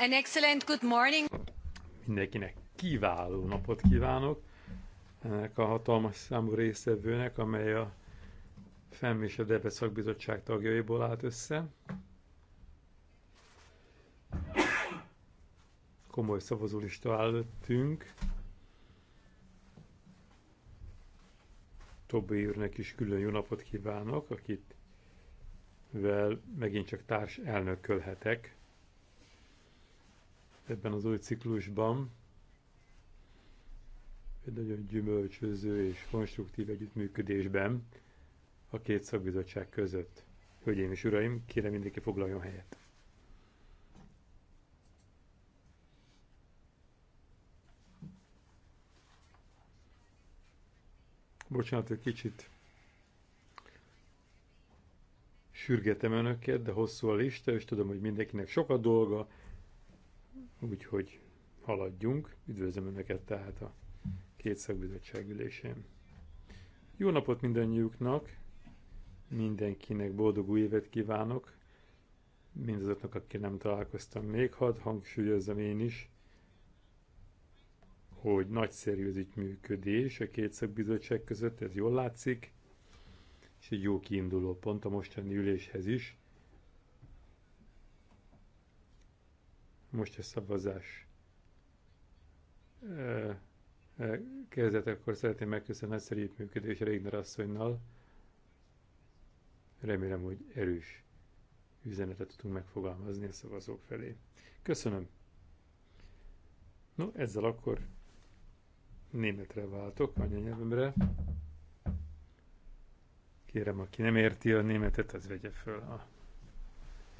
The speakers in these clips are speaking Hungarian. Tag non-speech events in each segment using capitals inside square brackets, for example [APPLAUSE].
An excellent good morning. Mindenkinek kiváló napot kívánok ennek a hatalmas számú résztvevőnek, amely a FEM és a DEBE szakbizottság tagjaiból állt össze. Komoly szavazólista előttünk. Tobi úrnak is külön jó napot kívánok, akit vel megint csak társ elnökölhetek ebben az új ciklusban egy nagyon gyümölcsöző és konstruktív együttműködésben a két szakbizottság között. Hölgyeim és uraim, kérem mindenki foglaljon helyet. Bocsánat, egy kicsit sürgetem önöket, de hosszú a lista, és tudom, hogy mindenkinek sok a dolga, úgyhogy haladjunk. Üdvözlöm Önöket tehát a két szakbizottság ülésén. Jó napot mindannyiuknak, mindenkinek boldog új évet kívánok, mindazoknak, akik nem találkoztam még, hadd hangsúlyozom én is, hogy nagyszerű az működés a két szakbizottság között, ez jól látszik, és egy jó kiinduló pont a mostani üléshez is, most a szavazás kezdetekkor szeretném megköszönni a szerint működés Régner asszonynal. Remélem, hogy erős üzenetet tudunk megfogalmazni a szavazók felé. Köszönöm! No, ezzel akkor németre váltok, anyanyelvemre. Kérem, aki nem érti a németet, az vegye föl a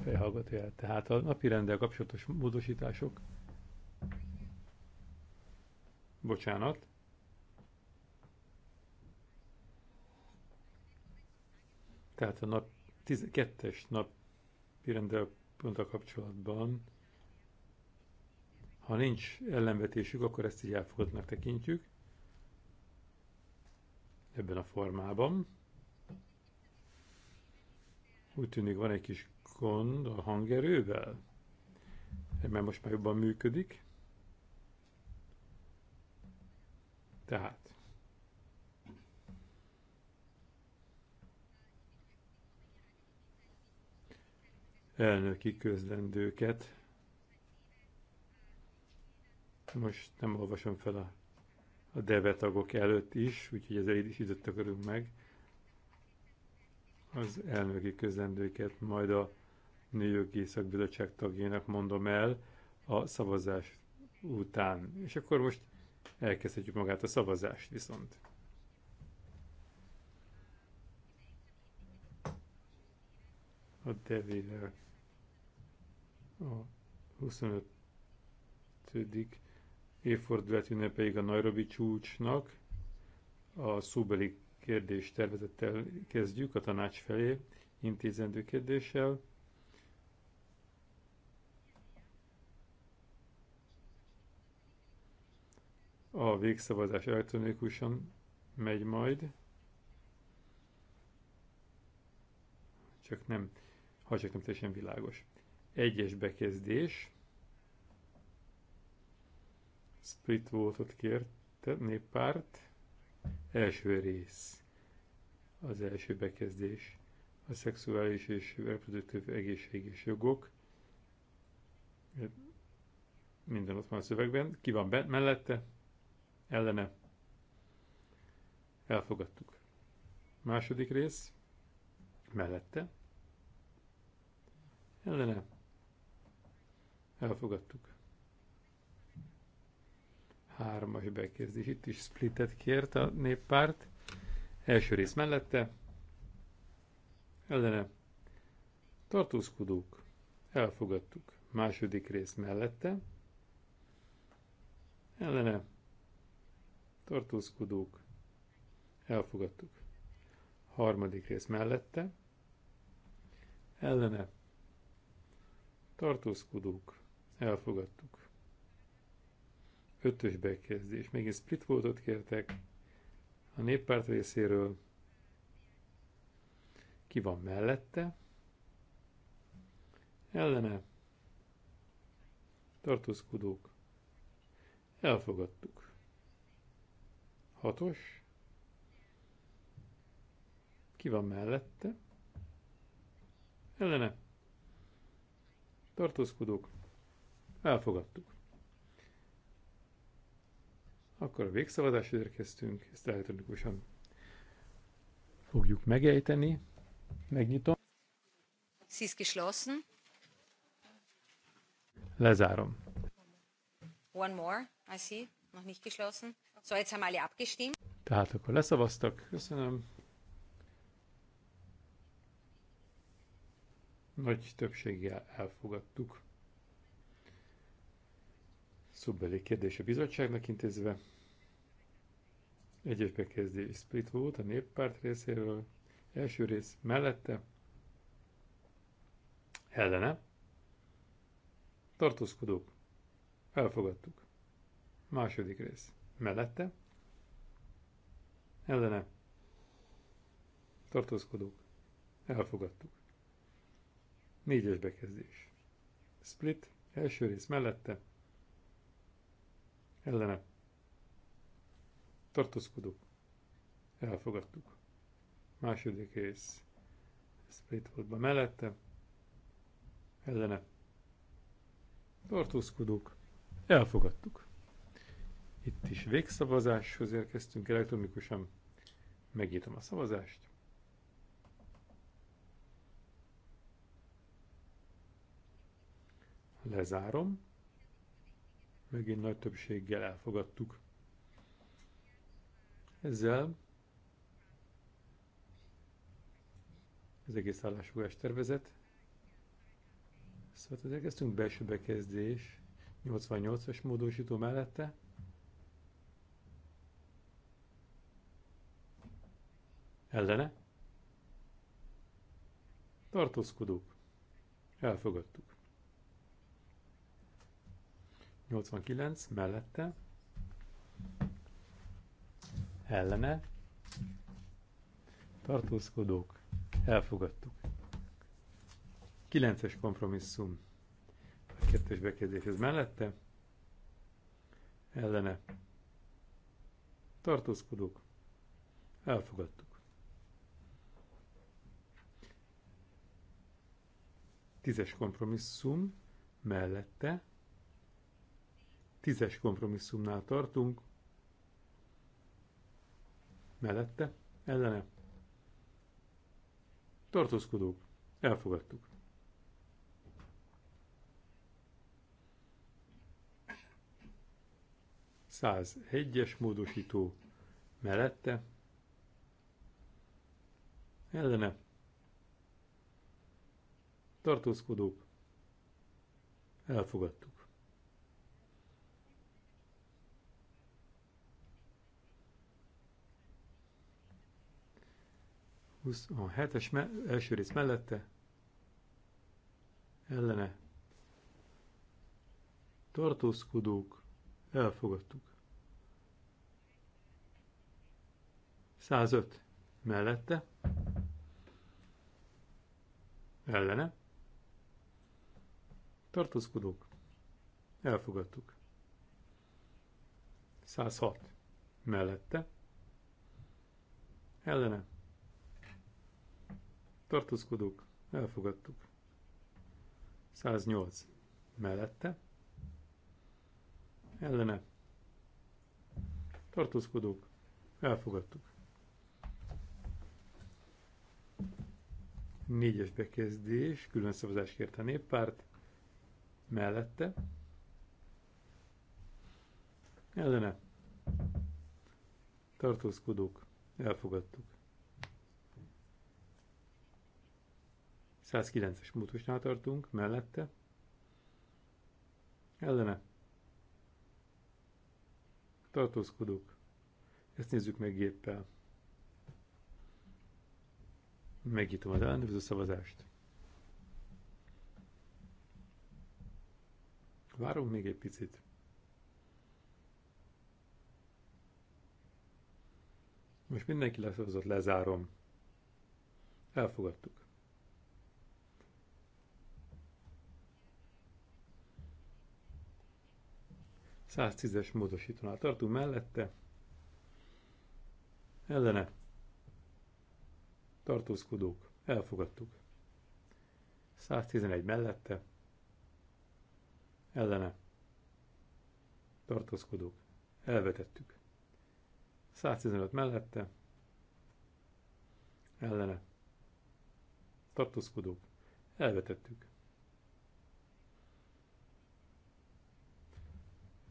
jel. Tehát a napi rendel kapcsolatos módosítások. Bocsánat. Tehát a nap, tiz, kettes napi rendel a kapcsolatban, ha nincs ellenvetésük, akkor ezt így elfogadnak tekintjük ebben a formában. Úgy tűnik van egy kis gond a hangerővel? Mert most már jobban működik. Tehát. Elnöki közlendőket. Most nem olvasom fel a, a devetagok előtt is, úgyhogy ezzel is időt takarunk meg az elnöki közlendőket, majd a Nőjogi Bizottság tagjának mondom el a szavazás után. És akkor most elkezdhetjük magát a szavazást viszont. A devére a 25. évfordulat ünnepeig a Nairobi csúcsnak a szóbeli kérdés tervezettel kezdjük a tanács felé intézendő kérdéssel. A végszavazás elektronikusan megy majd. Csak nem, ha csak nem teljesen világos. Egyes bekezdés. Split voltot kért néppárt. Első rész. Az első bekezdés. A szexuális és reproduktív egészség és jogok minden ott van a szövegben, ki van bent mellette, ellene elfogadtuk. Második rész mellette ellene elfogadtuk. Hármas bekezdés. Itt is splitet kért a néppárt. Első rész mellette ellene tartózkodók elfogadtuk. Második rész mellette ellene tartózkodók, elfogadtuk. Harmadik rész mellette, ellene, tartózkodók, elfogadtuk. Ötös bekezdés, megint split voltot kértek a néppárt részéről, ki van mellette, ellene, tartózkodók, elfogadtuk. Hatos. Ki van mellette? Ellene. Tartózkodók. Elfogadtuk. Akkor a végszavazásra érkeztünk, ezt elektronikusan fogjuk megejteni. Megnyitom. geschlossen. Lezárom. One more, I see. Noch nicht geschlossen. So, jetzt haben alle abgestimmt. Tehát akkor leszavaztak. Köszönöm. Nagy többséggel elfogadtuk. Szóbeli kérdés a bizottságnak intézve. Egyes bekezdés split volt a néppárt részéről. Első rész mellette. Ellene. Tartózkodók. Elfogadtuk. Második rész mellette, ellene, tartózkodók, elfogadtuk. Négyes bekezdés. Split, első rész mellette, ellene, tartózkodók, elfogadtuk. Második rész. Split volt be mellette, ellene, tartózkodók, elfogadtuk. Itt is végszavazáshoz érkeztünk elektronikusan. Megnyitom a szavazást. Lezárom. Megint nagy többséggel elfogadtuk. Ezzel az egész állásfogás tervezet. Szóval elkezdtünk belső bekezdés, 88-as módosító mellette, Ellene? Tartózkodók. Elfogadtuk. 89 mellette. Ellene. Tartózkodók. Elfogadtuk. 9-es kompromisszum. A kettős bekezdéshez mellette. Ellene. Tartózkodók. Elfogadtuk. Tízes kompromisszum mellette. Tízes kompromisszumnál tartunk. Mellette, ellene. Tartózkodók. Elfogadtuk. Száz egyes módosító mellette, ellene tartózkodók, elfogadtuk. A hetes első rész mellette, ellene, tartózkodók, elfogadtuk. 105 mellette, ellene, tartózkodók, elfogadtuk. 106 mellette, ellene, tartózkodók, elfogadtuk. 108 mellette, ellene, tartózkodók, elfogadtuk. Négyes bekezdés, külön szavazás kérte a néppárt mellette, ellene tartózkodók, elfogadtuk. 109-es mutusnál tartunk, mellette, ellene tartózkodók. Ezt nézzük meg géppel. Megnyitom az ellenőrző szavazást. Várunk még egy picit. Most mindenki leszavazott, lezárom. Elfogadtuk. Száztízes módosítónál tartunk mellette. Ellene. Tartózkodók. Elfogadtuk. 111 mellette ellene tartózkodók elvetettük. 115 mellette ellene tartózkodók elvetettük.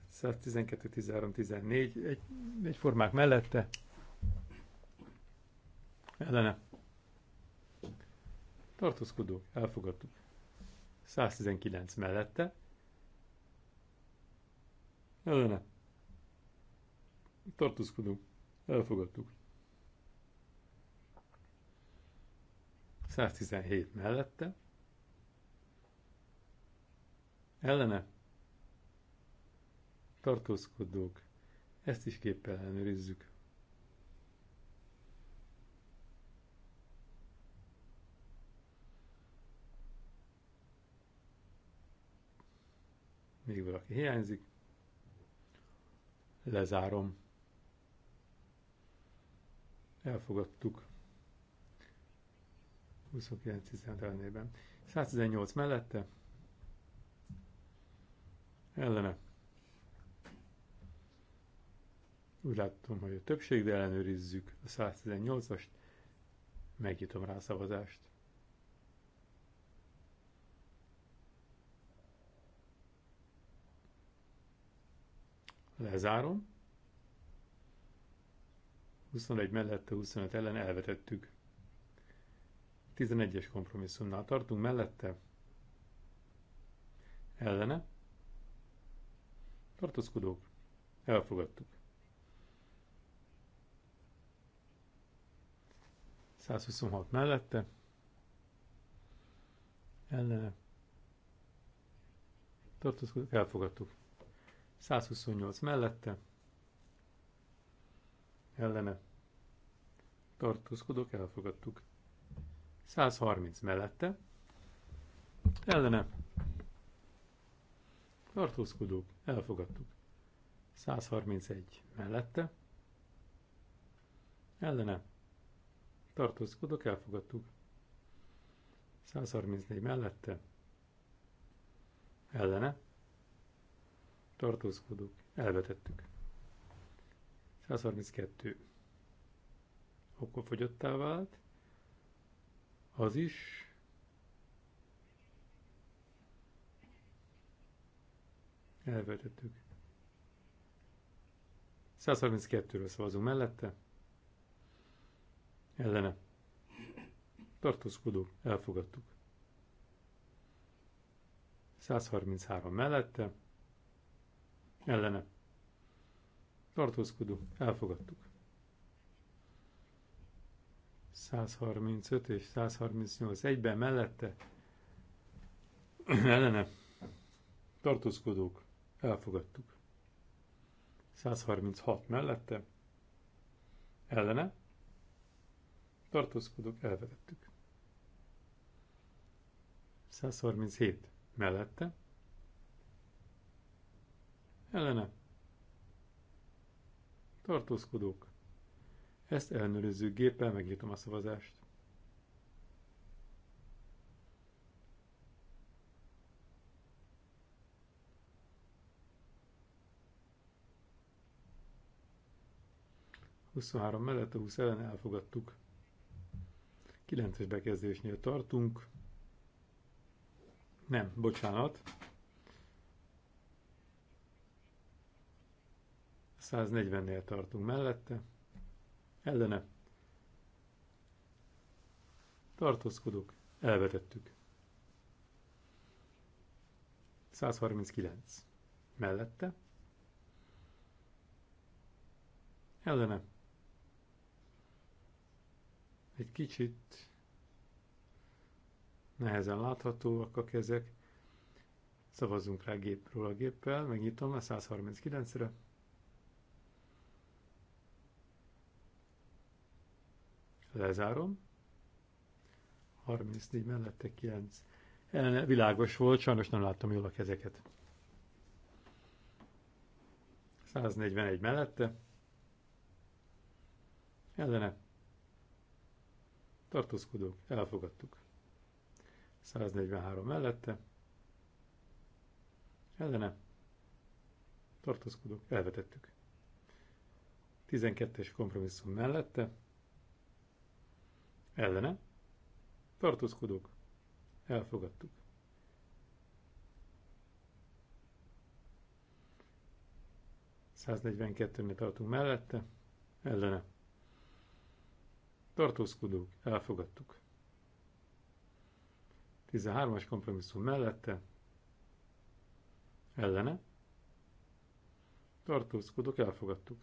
112, 13, 14 egy, egyformák mellette ellene tartózkodók elfogadtuk. 119 mellette ellene tartózkodunk, elfogadtuk. 117 mellette, ellene tartózkodók, ezt is képpel ellenőrizzük. Még valaki hiányzik. Lezárom. Elfogadtuk. 29-16 ben 118 mellette. Ellene. Úgy látom, hogy a többség, de ellenőrizzük a 118-ast. Megnyitom rá a szavazást. Lezárom. 21 mellette, 25 ellen elvetettük. 11-es kompromisszumnál tartunk mellette. Ellene. Tartózkodók. Elfogadtuk. 126 mellette. Ellene. Tartózkodók. Elfogadtuk. 128 mellette, ellene, tartózkodok, elfogadtuk. 130 mellette, ellene, tartózkodók, elfogadtuk. 131 mellette, ellene, tartózkodok, elfogadtuk. 134 mellette, ellene, tartózkodók, elvetettük. 132. fogyottá vált, az is, elvetettük. 132-ről szavazunk mellette, ellene, tartózkodó, elfogadtuk. 133 mellette, ellene. Tartózkodunk, elfogadtuk. 135 és 138 egyben mellette ellene tartózkodók, elfogadtuk. 136 mellette ellene tartózkodók, elvetettük. 137 mellette ellene tartózkodók. Ezt ellenőrizzük géppel, megnyitom a szavazást. 23 mellett a 20 ellen elfogadtuk. 9-es bekezdésnél tartunk. Nem, bocsánat. 140-nél tartunk mellette, ellene Tartózkodok. elvetettük. 139 mellette, ellene egy kicsit nehezen láthatóak a kezek, szavazzunk rá gépről a géppel, megnyitom a 139-re, Lezárom. 34 mellette 9. Elne, világos volt, sajnos nem láttam jól a kezeket. 141 mellette. Ellene. Tartózkodók, elfogadtuk. 143 mellette. Ellene. Tartózkodók, elvetettük. 12-es kompromisszum mellette ellene tartózkodók elfogadtuk. nél tartunk mellette, ellene tartózkodók elfogadtuk. 13-as kompromisszum mellette, ellene tartózkodók elfogadtuk.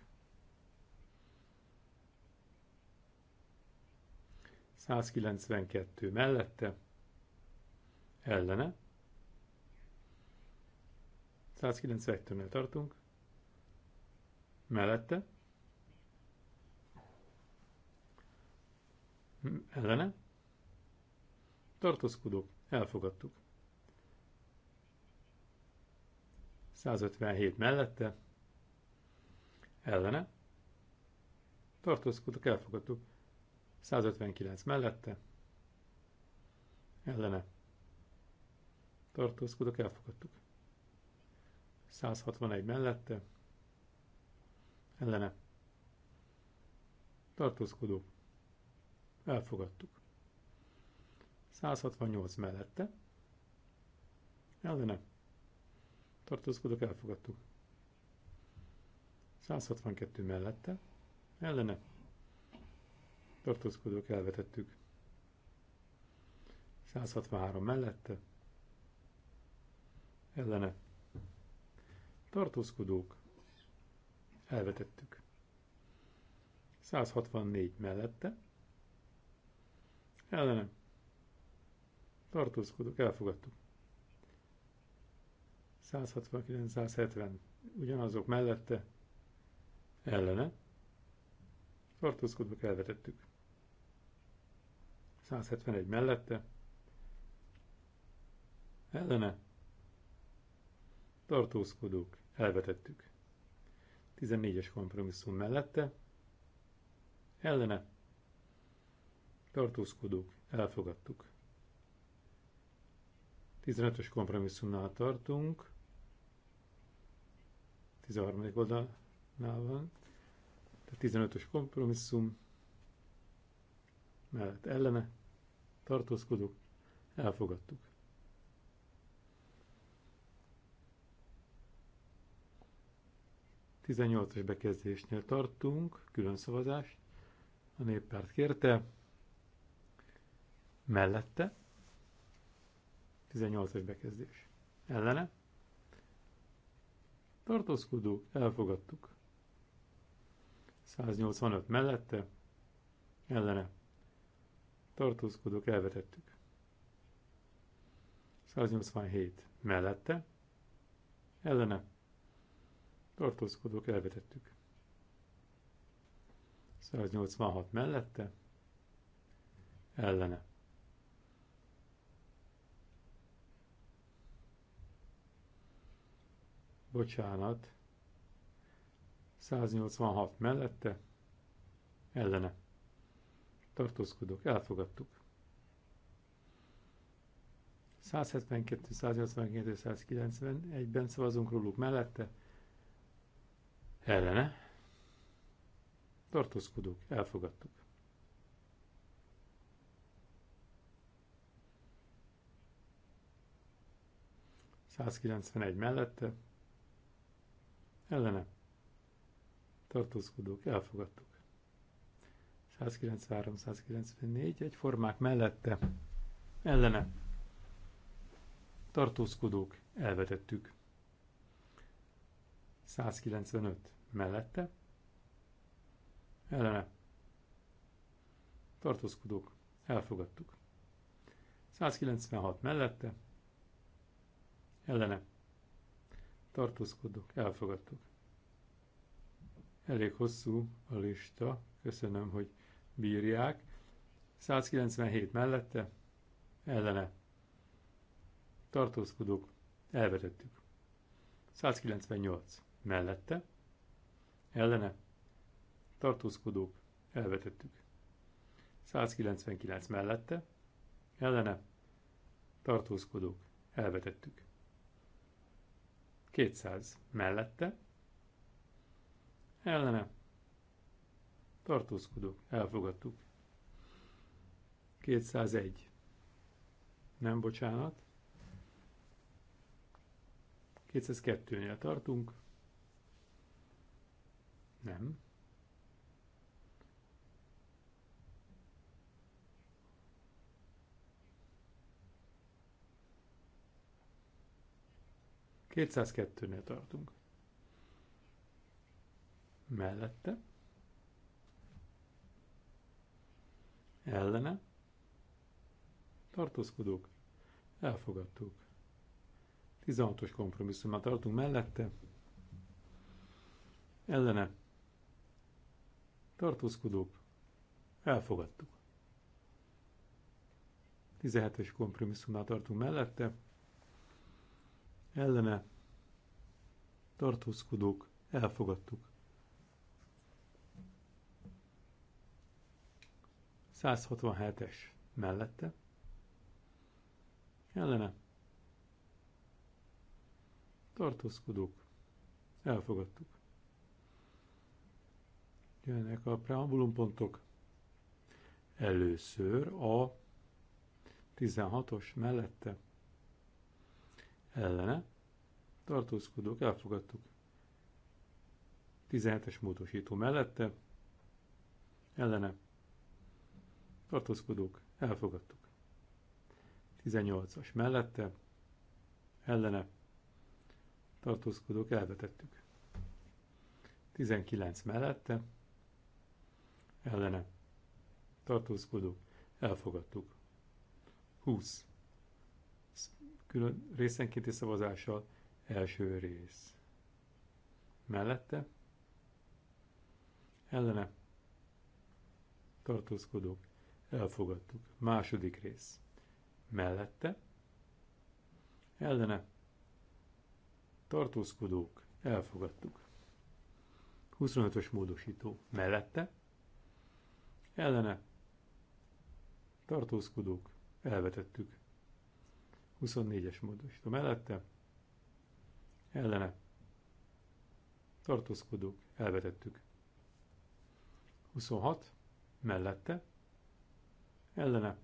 192 mellette, ellene. 192-nél tartunk. Mellette. Ellene. Tartózkodók. Elfogadtuk. 157 mellette. Ellene. Tartózkodók. Elfogadtuk. 159 mellette, ellene. Tartózkodok, elfogadtuk. 161 mellette, ellene. Tartózkodó, elfogadtuk. 168 mellette, ellene. Tartózkodok, elfogadtuk. 162 mellette, ellene tartózkodók elvetettük. 163 mellette, ellene, tartózkodók elvetettük. 164 mellette, ellene, tartózkodók elfogadtuk. 169-170 ugyanazok mellette, ellene, tartózkodók elvetettük. 171 mellette, ellene, tartózkodók, elvetettük. 14-es kompromisszum mellette, ellene, tartózkodók, elfogadtuk. 15-ös kompromisszumnál tartunk, 13. oldalnál van, tehát 15-ös kompromisszum, mellett ellene tartózkodok, elfogadtuk. Tizennyolcas bekezdésnél tartunk, külön szavazás. A néppárt kérte, mellette, 18-as bekezdés. Ellene, tartózkodók, elfogadtuk. 185 mellette, ellene tartózkodók elvetettük. 187 mellette, ellene, tartózkodók elvetettük. 186 mellette, ellene. Bocsánat, 186 mellette, ellene tartózkodók, elfogadtuk. 172, 182, 191-ben szavazunk róluk mellette, ellene, tartózkodók, elfogadtuk. egy mellette, ellene, tartózkodók, elfogadtuk. 193-194 egyformák mellette, ellene. Tartózkodók, elvetettük. 195 mellette, ellene. Tartózkodók, elfogadtuk. 196 mellette, ellene. Tartózkodók, elfogadtuk. Elég hosszú a lista, köszönöm, hogy bírják. 197 mellette, ellene tartózkodók, elvetettük. 198 mellette, ellene tartózkodók, elvetettük. 199 mellette, ellene tartózkodók, elvetettük. 200 mellette, ellene Tartózkodok, elfogadtuk. 201. Nem bocsánat. 202-nél tartunk. Nem. 202-nél tartunk. Mellette. ellene, tartózkodók, elfogadtuk. 16-os kompromisszumát tartunk mellette, ellene, tartózkodók, elfogadtuk. 17-es kompromisszumnál tartunk mellette, ellene tartózkodók, elfogadtuk. 167-es mellette, ellene, tartózkodók, elfogadtuk. Jönnek a preambulumpontok. Először a 16-os mellette, ellene, tartózkodók, elfogadtuk. 17-es módosító mellette, ellene, tartózkodók, elfogadtuk. 18-as mellette, ellene, tartózkodók, elvetettük. 19 mellette, ellene, tartózkodók, elfogadtuk. 20. Külön részenkénti szavazással első rész. Mellette, ellene, tartózkodók, Elfogadtuk. Második rész. Mellette. Ellene. Tartózkodók. Elfogadtuk. 25-ös módosító. Mellette. Ellene. Tartózkodók. Elvetettük. 24-es módosító. Mellette. Ellene. Tartózkodók. Elvetettük. 26. Mellette ellene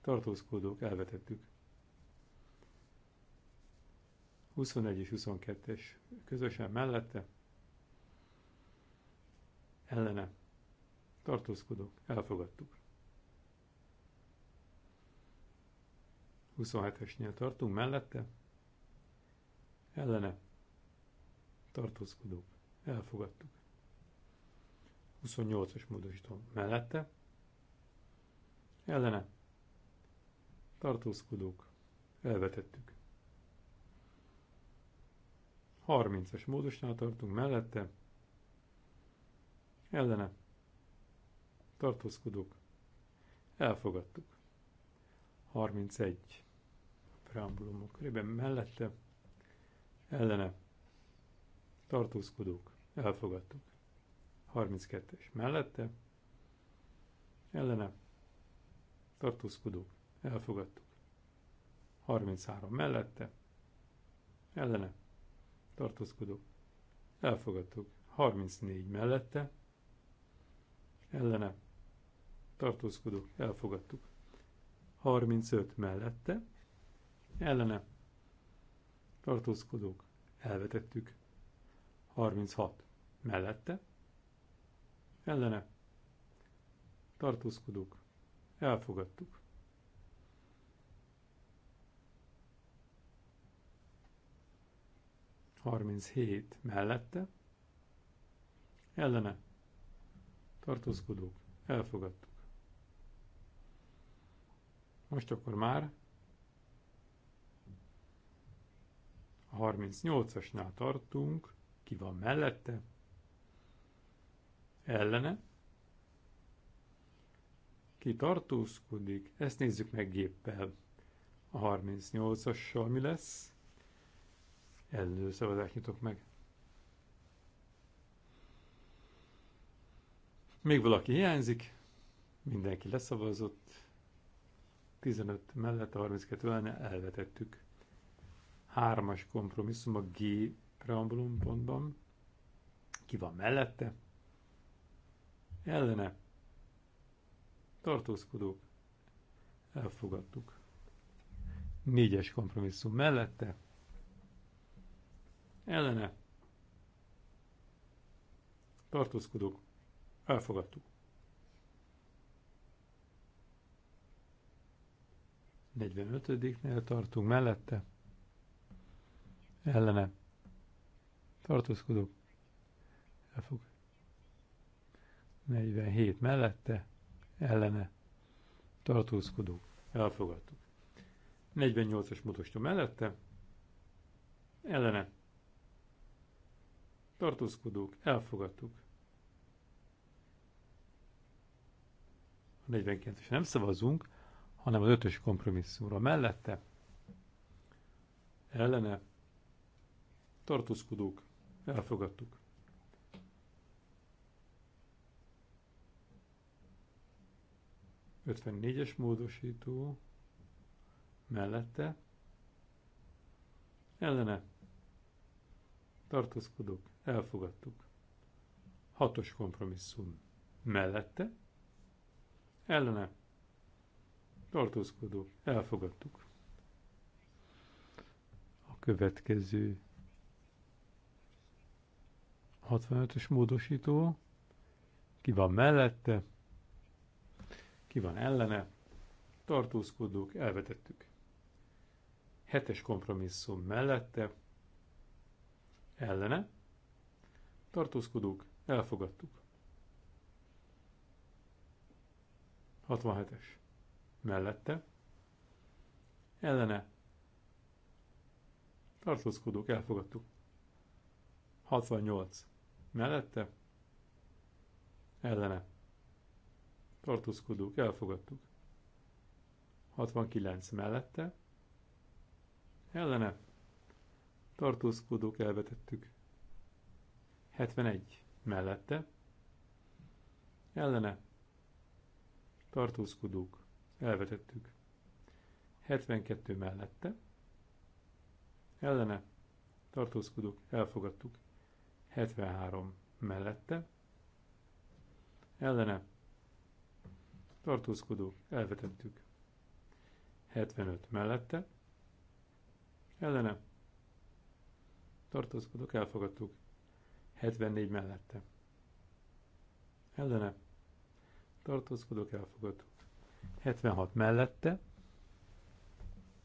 tartózkodók elvetettük. 21 és 22-es közösen mellette ellene tartózkodók elfogadtuk. 27-esnél tartunk mellette ellene tartózkodók elfogadtuk. 28-as módosítom mellette ellene tartózkodók elvetettük. 30-as módosnál tartunk mellette, ellene tartózkodók elfogadtuk. 31 preambulumok körében mellette, ellene tartózkodók elfogadtuk. 32-es mellette, ellene tartózkodók, elfogadtuk. 33 mellette, ellene, tartózkodók, elfogadtuk. 34 mellette, ellene, tartózkodók, elfogadtuk. 35 mellette, ellene, tartózkodók, elvetettük. 36 mellette, ellene, tartózkodók, Elfogadtuk. hét mellette. Ellene. Tartózkodók. Elfogadtuk. Most akkor már a 38-asnál tartunk, ki van mellette, ellene, ki tartózkodik, ezt nézzük meg géppel. A 38-assal mi lesz? Előszavazást nyitok meg. Még valaki hiányzik, mindenki leszavazott, 15 mellett, 32 lenne, elvetettük. Hármas kompromisszum a G preambulum pontban. Ki van mellette? Ellene tartózkodók, elfogadtuk. Négyes kompromisszum mellette, ellene, tartózkodók, elfogadtuk. Negyvenötödiknél tartunk mellette, ellene, tartózkodók, elfogadtuk. 47 mellette, ellene tartózkodók elfogadtuk. 48-as módosító mellette ellene tartózkodók elfogadtuk. A 49-es nem szavazunk, hanem az ötös kompromisszumra mellette ellene tartózkodók elfogadtuk. 54-es módosító mellette ellene tartózkodok, elfogadtuk. Hatos kompromisszum mellette ellene tartózkodok, elfogadtuk. A következő 65-ös módosító ki van mellette, ki van ellene, tartózkodók, elvetettük. Hetes kompromisszum mellette, ellene, tartózkodók, elfogadtuk. 67-es mellette, ellene, tartózkodók, elfogadtuk. 68 mellette, ellene, tartózkodók, elfogadtuk. 69 mellette, ellene, tartózkodók, elvetettük. 71 mellette, ellene, tartózkodók, elvetettük. 72 mellette, ellene, tartózkodók, elfogadtuk. 73 mellette, ellene, tartózkodók, elvetettük. 75 mellette, ellene, tartózkodók, elfogadtuk. 74 mellette, ellene, tartózkodók, elfogadtuk. 76 mellette,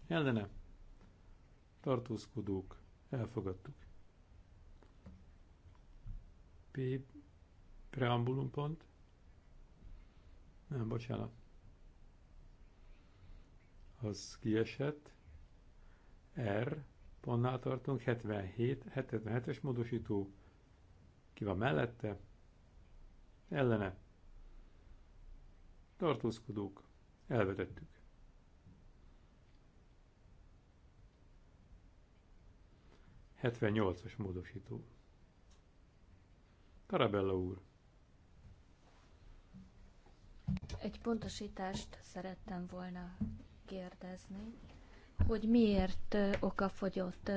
ellene, tartózkodók, elfogadtuk. P. Preambulum pont. Nem, bocsánat. Az kiesett. R. Pontnál tartunk. 77. 77-es módosító. Ki van mellette? Ellene. Tartózkodók. Elvetettük. Hetvennyolcas módosító. Tarabella úr. Egy pontosítást szerettem volna kérdezni, hogy miért okafogyott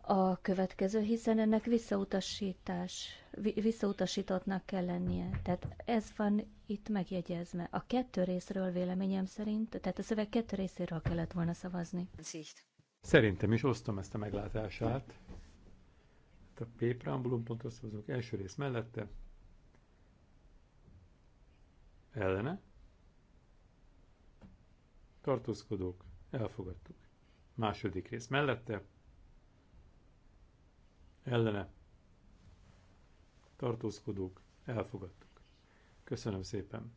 a következő, hiszen ennek visszautasítás, visszautasítottnak kell lennie. Tehát ez van itt megjegyezve. A kettő részről véleményem szerint, tehát a szöveg kettő részéről kellett volna szavazni. Szerintem is osztom ezt a meglátását. A P preambulum pontra szavazunk első rész mellette, ellene, tartózkodók, elfogadtuk. Második rész mellette, ellene, tartózkodók, elfogadtuk. Köszönöm szépen!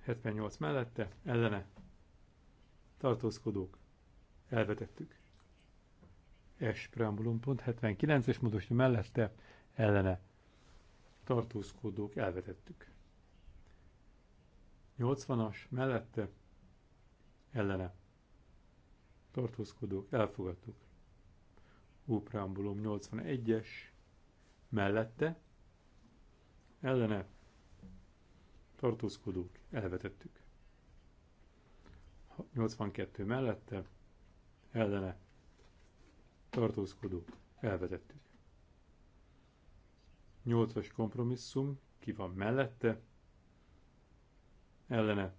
Hetvennyolc mellette, ellene, tartózkodók, elvetettük es preambulum pont 79-es módosító mellette ellene tartózkodók elvetettük. 80-as mellette ellene tartózkodók elfogadtuk. U preambulum 81-es mellette ellene tartózkodók elvetettük. 82 mellette ellene tartózkodó, elvetettük. Nyolcas kompromisszum, ki van mellette, ellene,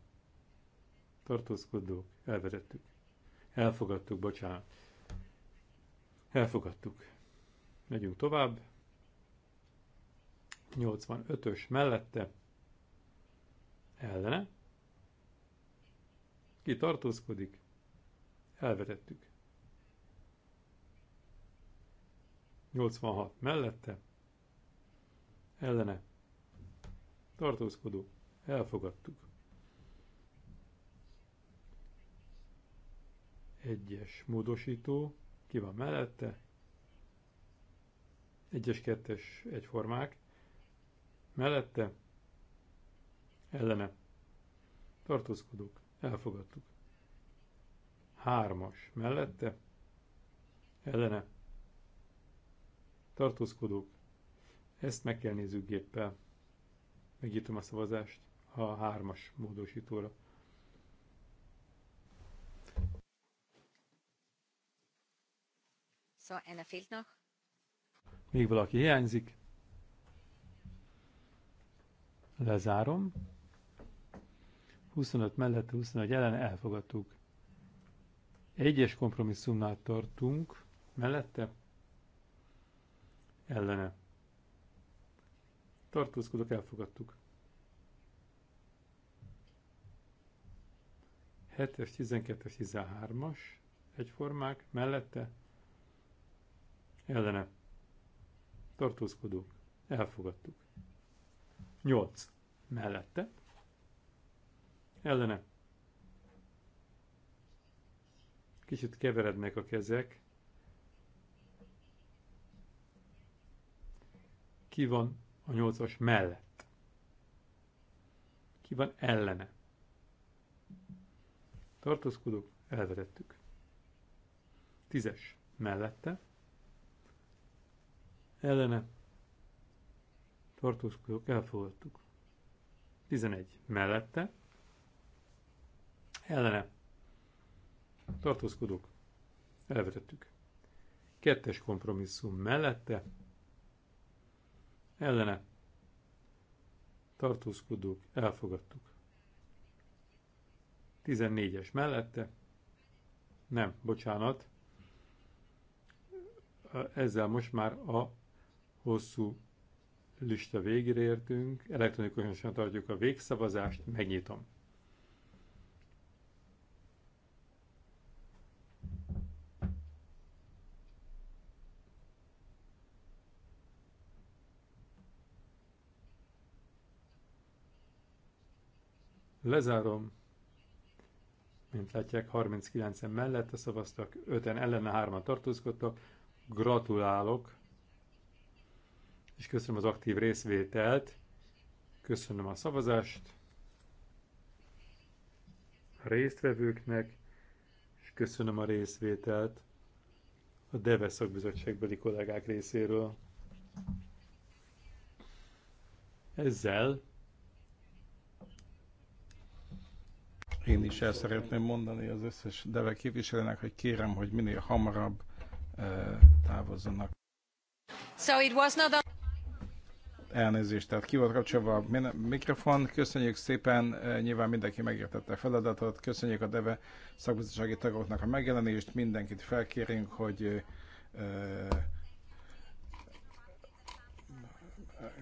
tartózkodók, elvetettük. Elfogadtuk, bocsánat. Elfogadtuk. Megyünk tovább. 85-ös mellette, ellene, ki tartózkodik, elvetettük. 86 mellette, ellene, tartózkodó, elfogadtuk. Egyes módosító, ki van mellette, egyes, kettes egyformák, mellette, ellene, tartózkodók, elfogadtuk. Hármas mellette, ellene, tartózkodók, ezt meg kell nézzük géppel. Megnyitom a szavazást a hármas módosítóra. So, Anna fehlt noch. Még valaki hiányzik. Lezárom. 25 mellett, 21 ellen elfogadtuk. Egyes kompromisszumnál tartunk. Mellette ellene. Tartózkodok, elfogadtuk. 7-es, 12-es, 13-as egyformák, mellette ellene. Tartózkodók, elfogadtuk. 8 mellette ellene. Kicsit keverednek a kezek, Ki van a nyolcas mellett? Ki van ellene? Tartózkodok, elvetettük. Tízes mellette. Ellene. Tartózkodok, elfogadtuk. Tizenegy mellette. Ellene. Tartózkodok, elvetettük. Kettes kompromisszum mellette ellene tartózkodók elfogadtuk. 14-es mellette, nem, bocsánat, ezzel most már a hosszú lista végére értünk, elektronikusan tartjuk a végszavazást, megnyitom. Lezárom. Mint látják, 39-en mellette szavaztak, 5-en ellene, 3-an tartózkodtak. Gratulálok, és köszönöm az aktív részvételt. Köszönöm a szavazást a résztvevőknek, és köszönöm a részvételt a DEVE szakbizottságbeli kollégák részéről. Ezzel Én is el szeretném mondani az összes deve képviselőnek, hogy kérem, hogy minél hamarabb eh, távozzanak. So it was not a... Elnézést, tehát ki volt kapcsolva a mikrofon. Köszönjük szépen, eh, nyilván mindenki megértette a feladatot. Köszönjük a DEVE szakbizottsági tagoknak a megjelenést. Mindenkit felkérünk, hogy uh,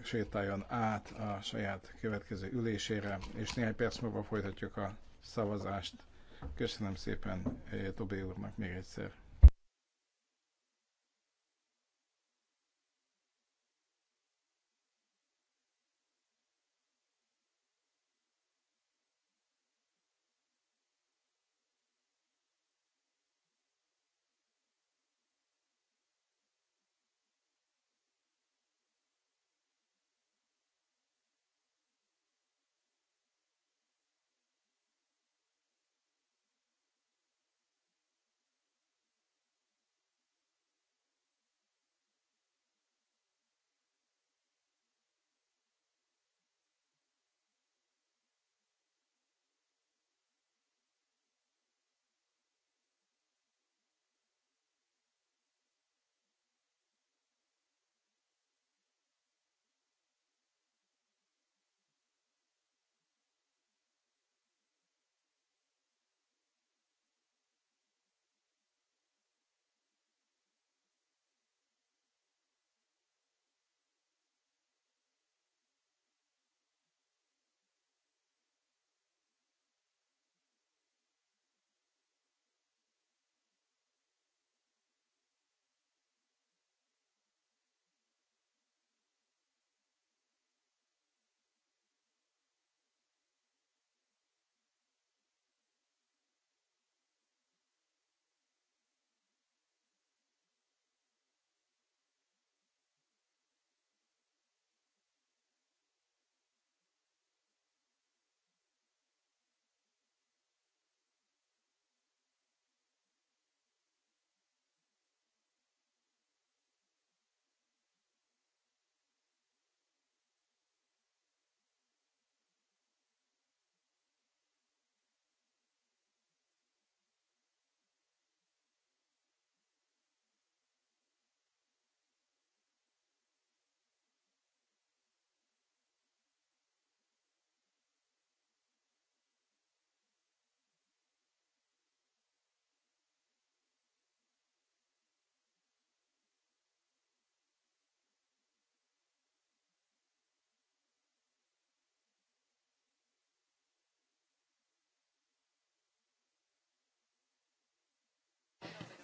sétáljon át a saját következő ülésére, és néhány perc múlva folytatjuk a szavazást. Köszönöm szépen eh, Tobé úrnak még egyszer.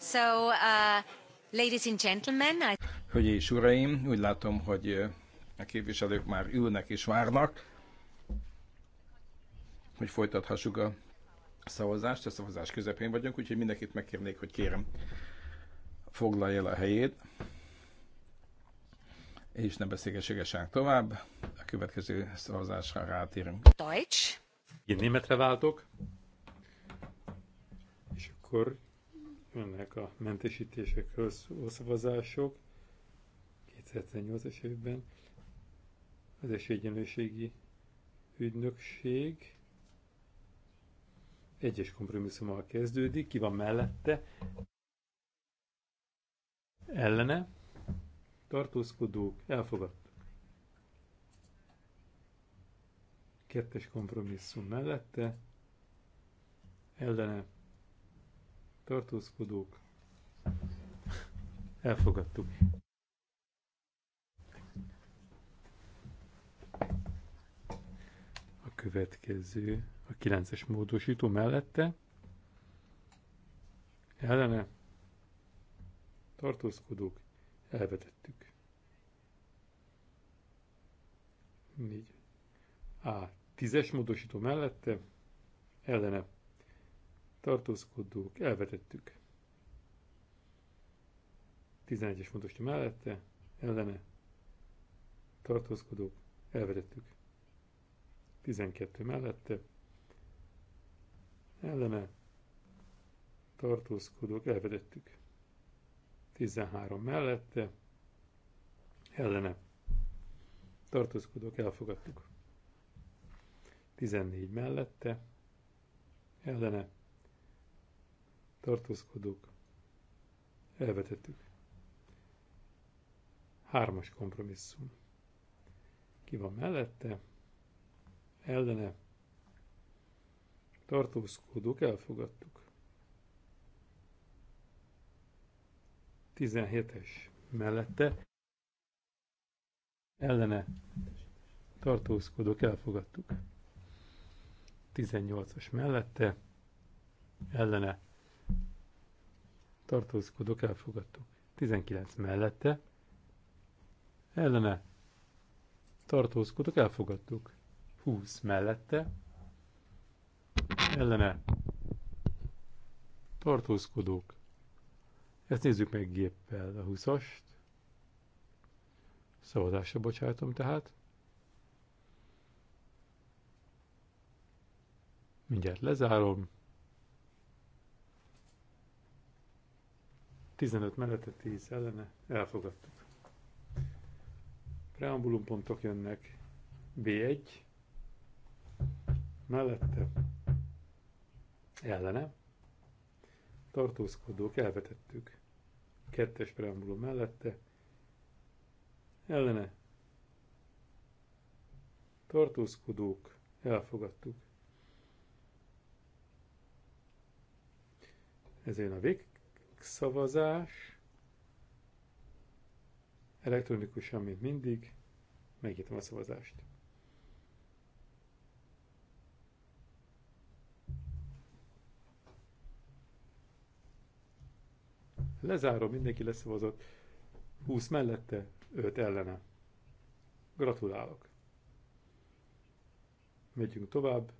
So, uh, ladies and gentlemen, I... és uraim, úgy látom, hogy uh, a képviselők már ülnek és várnak, hogy folytathassuk a szavazást. A szavazás közepén vagyunk, úgyhogy mindenkit megkérnék, hogy kérem, foglalja el a helyét, és ne beszélgességesság tovább. A következő szavazásra rátérünk. Deutsch. Én németre váltok, és akkor mennek a mentesítések, szavazások 2018-as évben, az esélyegyenlőségi ügynökség egyes kompromisszummal kezdődik, ki van mellette, ellene, tartózkodók, elfogadtak Kettes kompromisszum mellette, ellene, tartózkodók, elfogadtuk. A következő, a 9-es módosító mellette, ellene, tartózkodók, elvetettük. Négy. A 10-es módosító mellette, ellene tartózkodók, elvetettük. 11-es fontos mellette, ellene, tartózkodók, elvetettük. 12 mellette, ellene, tartózkodók, elvetettük. 13 mellette, ellene, tartózkodók, elfogadtuk. 14 mellette, ellene, tartózkodók, elvetettük. Hármas kompromisszum. Ki van mellette? Ellene. Tartózkodók, elfogadtuk. 17-es mellette. Ellene. Tartózkodók, elfogadtuk. 18-as mellette. Ellene tartózkodok, elfogadtuk. 19 mellette, ellene, tartózkodok, elfogadtuk. 20 mellette, ellene, tartózkodók. Ezt nézzük meg géppel a 20-ast. Szavazásra bocsájtom tehát. Mindjárt lezárom. 15 mellette 10 ellene elfogadtuk. Preambulum pontok jönnek. B1 mellette ellene tartózkodók elvetettük. Kettes preambulum mellette ellene tartózkodók elfogadtuk. Ez jön a vég szavazás. Elektronikusan, mint mindig. Megnyitom a szavazást. Lezárom, mindenki leszavazott. 20 mellette, 5 ellene. Gratulálok. Megyünk tovább.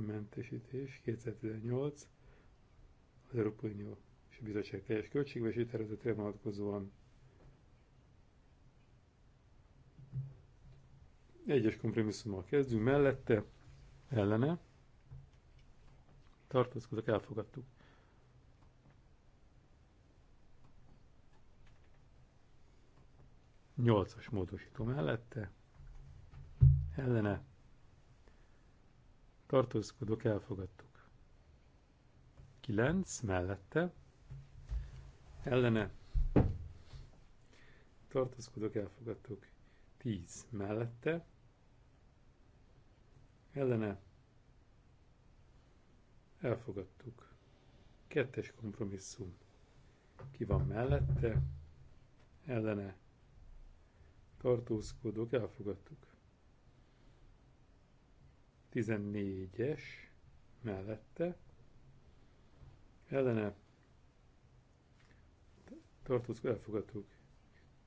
mentesítés 2018 az Európai Unió és a Bizottság teljes költségvesi tervezetre vonatkozóan egyes kompromisszummal kezdünk, mellette, ellene, tartózkodok, elfogadtuk. Nyolcas módosító mellette, ellene, tartózkodók elfogadtuk. 9 mellette, ellene, tartózkodók elfogadtuk. 10 mellette, ellene, elfogadtuk. Kettes kompromisszum. Ki van mellette, ellene, tartózkodók elfogadtuk. 14-es mellette ellene tartózkodó elfogadtuk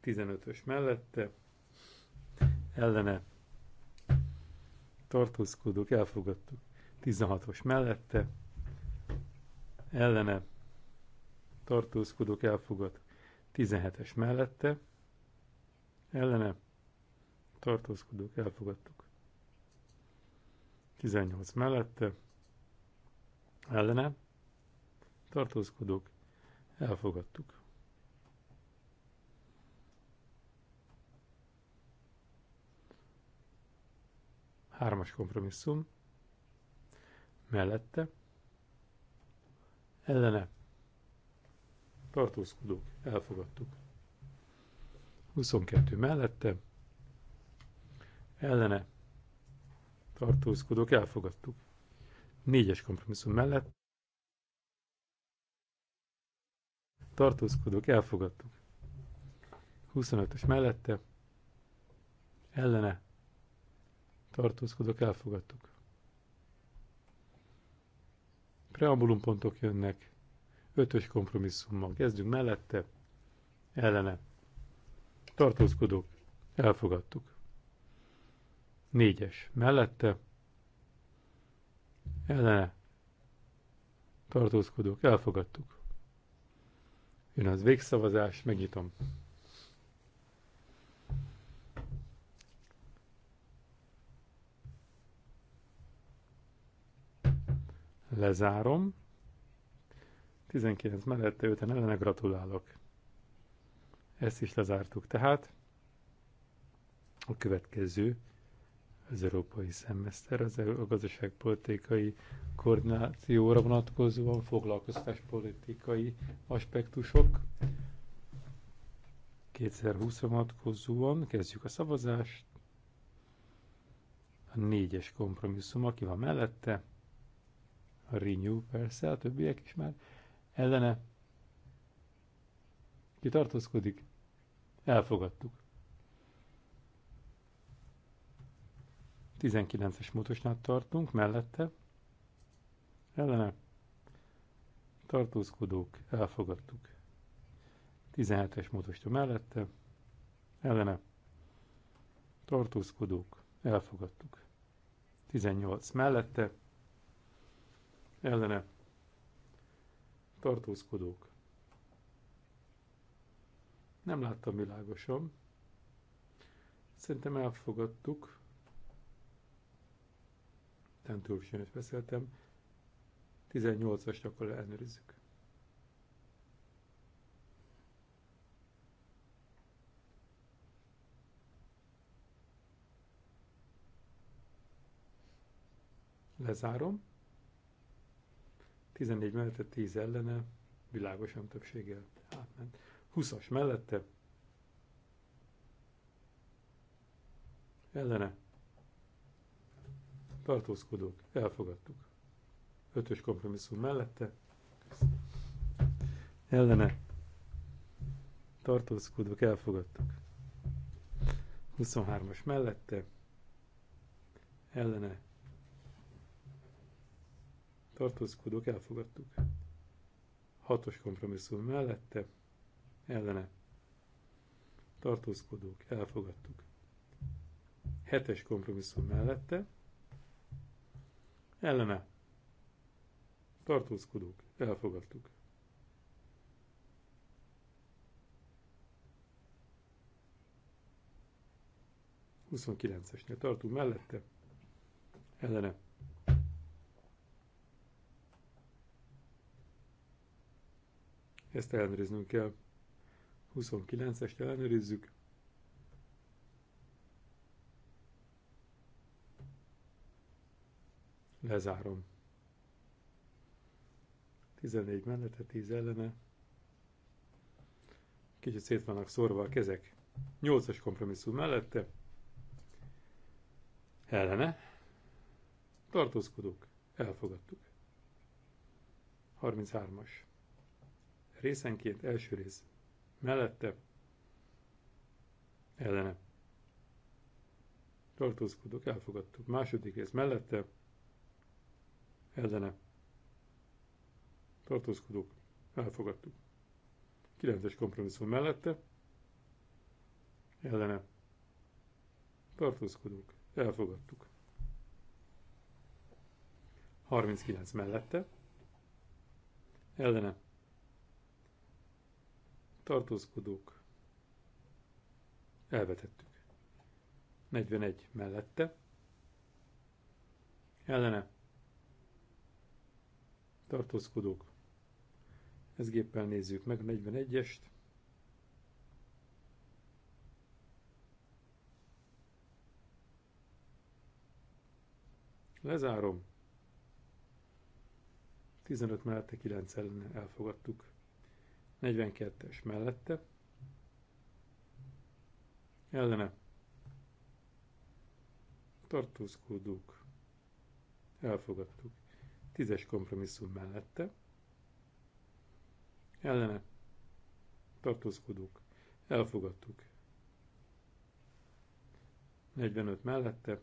15-ös mellette ellene tartózkodók elfogadtuk 16-os mellette ellene tartózkodók elfogad 17-es mellette ellene tartózkodók elfogadtuk 18 mellette, ellene, tartózkodók, elfogadtuk. Hármas kompromisszum, mellette, ellene, tartózkodók, elfogadtuk. 22 mellette, ellene, tartózkodók elfogadtuk. Négyes kompromisszum mellett tartózkodók elfogadtuk. 25-ös mellette ellene tartózkodók elfogadtuk. pontok jönnek, ötös kompromisszummal kezdünk mellette, ellene tartózkodók elfogadtuk. Négyes. Mellette. Ellene. Tartózkodók. Elfogadtuk. Jön az végszavazás. Megnyitom. Lezárom. 19 mellette 5 ellene gratulálok. Ezt is lezártuk. Tehát a következő az európai szemeszter, az a gazdaságpolitikai koordinációra vonatkozóan foglalkoztáspolitikai aspektusok. 2020-ra vonatkozóan kezdjük a szavazást. A négyes kompromisszum, aki van mellette, a Renew persze, a többiek is már ellene. Ki tartózkodik? Elfogadtuk. 19-es módosnál tartunk, mellette ellene tartózkodók, elfogadtuk. 17-es módosító mellette ellene tartózkodók, elfogadtuk. 18 mellette ellene tartózkodók. Nem láttam világosan. Szerintem elfogadtuk talán túl is beszéltem. 18-ast akkor ellenőrizzük. Lezárom. 14 mellette, 10 ellene, világosan többséggel átment. 20-as mellette, ellene, tartózkodók, elfogadtuk. Ötös kompromisszum mellette, ellene, tartózkodók, elfogadtuk. 23-as mellette, ellene, tartózkodók, elfogadtuk. Hatos kompromisszum mellette, ellene, tartózkodók, elfogadtuk. Hetes kompromisszum mellette, ellene tartózkodók, elfogadtuk. Huszonkilencesnél tartunk mellette, ellene Ezt ellenőriznünk kell. 29-est ellenőrizzük. Lezárom. 14 mellette, 10 ellene. Kicsit szét vannak szorva a kezek. 8-as kompromisszum mellette. Ellene. Tartózkodók. Elfogadtuk. 33-as. Részenként első rész. Mellette. Ellene. Tartózkodók. Elfogadtuk. Második rész mellette ellene tartózkodók elfogadtuk. 9-es kompromisszum mellette ellene tartózkodók elfogadtuk. 39 mellette ellene tartózkodók elvetettük. 41 mellette ellene tartózkodók. Ez géppel nézzük meg, 41-est. Lezárom. 15 mellette 9 ellen elfogadtuk. 42-es mellette. Ellene. Tartózkodók. Elfogadtuk. Tízes kompromisszum mellette. Ellene. Tartózkodók. Elfogadtuk. 45 mellette.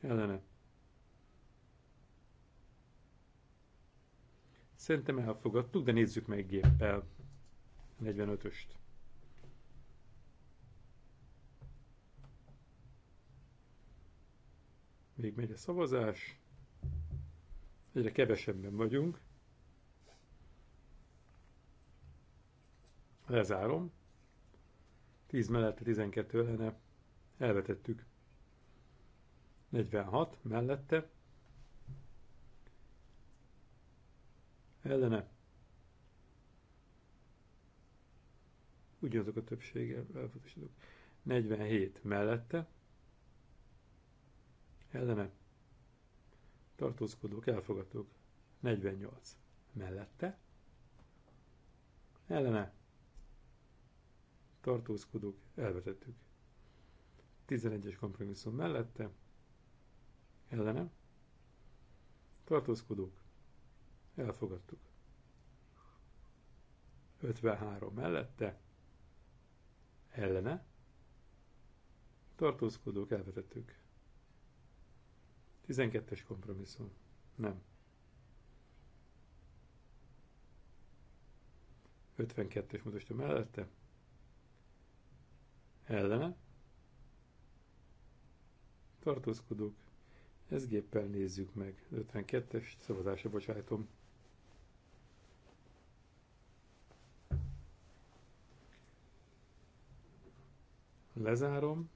Ellene. Szerintem elfogadtuk, de nézzük meg géppel. 45-öst. Még megy a szavazás egyre kevesebben vagyunk. Lezárom. 10 mellette 12 lenne. elvetettük. 46 mellette ellene ugyanazok a többsége 47 mellette ellene tartózkodók, elfogadtuk. 48. Mellette, ellene, tartózkodók, elvetettük. 11-es kompromisszum mellette, ellene, tartózkodók, elfogadtuk. 53 mellette, ellene, tartózkodók, elvetettük. 12-es kompromisszum. Nem. 52-es módosító mellette. Ellene. Tartózkodók. Ezt géppel nézzük meg. 52-es szavazásra bocsájtom. Lezárom.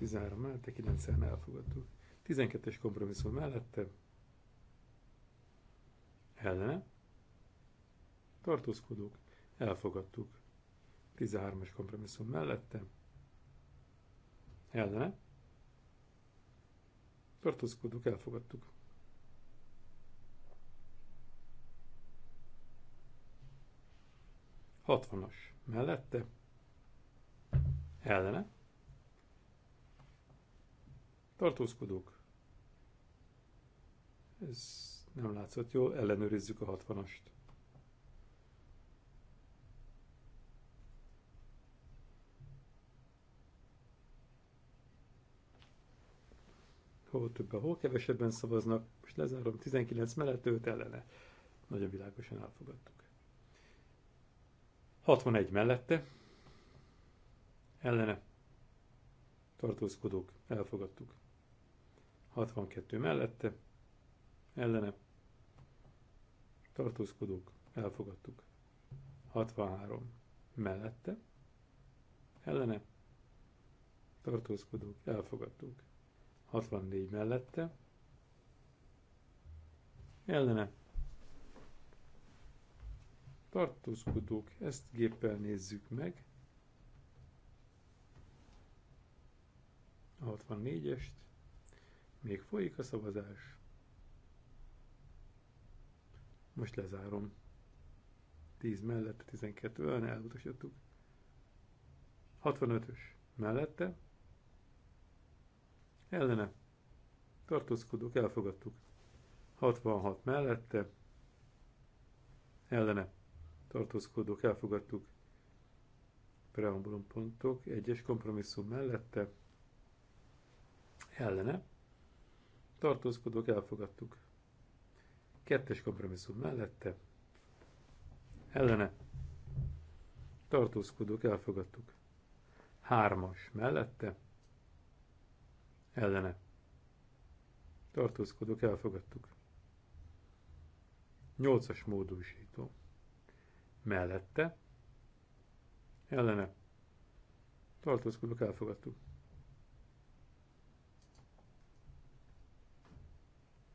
13 mellette, 90 elfogadtuk. 12-es kompromisszum mellette, ellene, tartózkodók, elfogadtuk. 13 es kompromisszum mellette, ellene, tartózkodók, elfogadtuk. Hatvanas mellette, ellene, Tartózkodók. Ez nem látszott jól, ellenőrizzük a 60-ast. hol többen, hol kevesebben szavaznak, most lezárom, 19 mellett, 5 ellene. Nagyon világosan elfogadtuk. 61 mellette, ellene, tartózkodók, elfogadtuk. 62 mellette, ellene, tartózkodók, elfogadtuk. 63 mellette, ellene, tartózkodók, elfogadtuk. 64 mellette, ellene, tartózkodók, ezt géppel nézzük meg, 64-est, még folyik a szavazás. Most lezárom. 10 mellette, 12 olyan elutasítottuk. 65-ös mellette. Ellene. Tartózkodók, elfogadtuk. 66 mellette. Ellene. Tartózkodók, elfogadtuk. Preambulum pontok, egyes kompromisszum mellette. Ellene tartózkodók elfogadtuk. Kettes kompromisszum mellette, ellene, tartózkodók elfogadtuk. Hármas mellette, ellene, tartózkodók elfogadtuk. Nyolcas módosító mellette, ellene, tartózkodók elfogadtuk.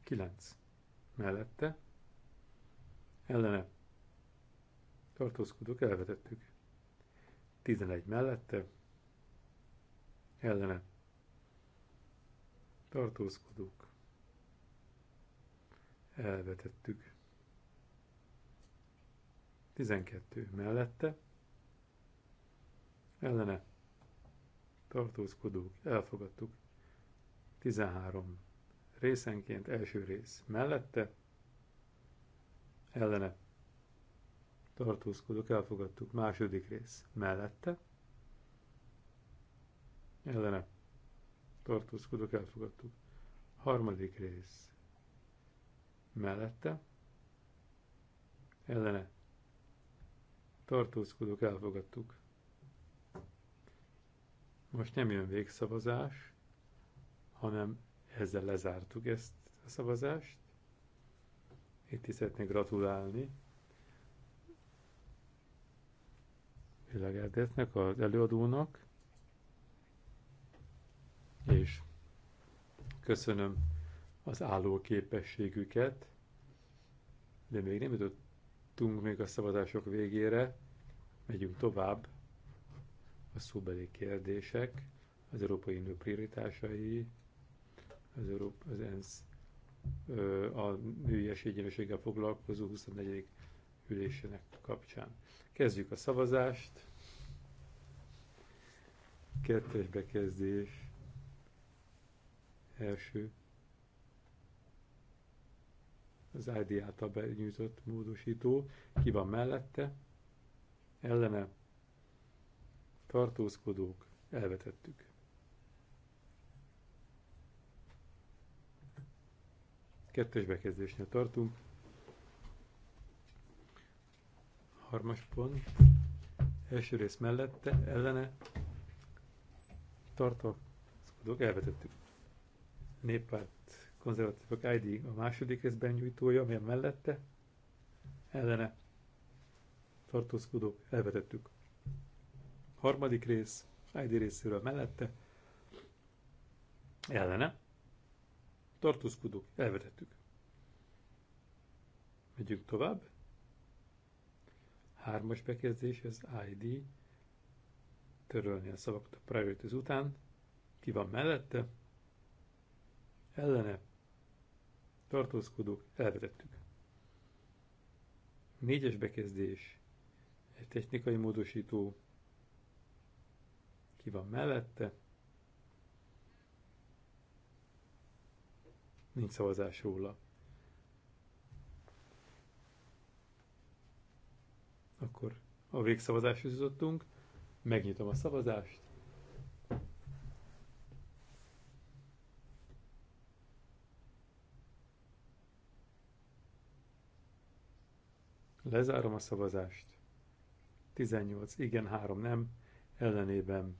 9 mellette ellene tartózkodók elvetettük. 11 mellette ellene tartózkodók elvetettük. 12 mellette ellene tartózkodók elfogadtuk. 13 részenként első rész mellette, ellene tartózkodok, elfogadtuk második rész mellette, ellene tartózkodok, elfogadtuk harmadik rész mellette, ellene tartózkodok, elfogadtuk. Most nem jön végszavazás, hanem ezzel lezártuk ezt a szavazást. Itt is szeretnék gratulálni világerdetnek, az előadónak, és köszönöm az álló képességüket, de még nem jutottunk még a szavazások végére, megyünk tovább. A szóbeli kérdések, az Európai Unió prioritásai, az, Európa, az ENSZ a női esélyegyenlőséggel foglalkozó 24. ülésének kapcsán. Kezdjük a szavazást. Kettes bekezdés. Első. Az ID által benyújtott módosító. Ki van mellette? Ellene. Tartózkodók. Elvetettük. Kettős bekezdésnél tartunk. Harmas pont. Első rész mellette, ellene tartalkozók elvetettük. Néppárt konzervatívok ID a második részben nyújtója, amely mellette ellene tartózkodók elvetettük. Harmadik rész ID részéről mellette ellene tartózkodók, elvetettük. Megyünk tovább. Hármas bekezdés, ez ID, törölni a szavakat a priority után. Ki van mellette? Ellene. Tartózkodók, elvetettük. Négyes bekezdés, egy technikai módosító, ki van mellette? Nincs szavazás róla. Akkor a végszavazáshoz jutottunk. Megnyitom a szavazást. Lezárom a szavazást. 18, igen, 3 nem, ellenében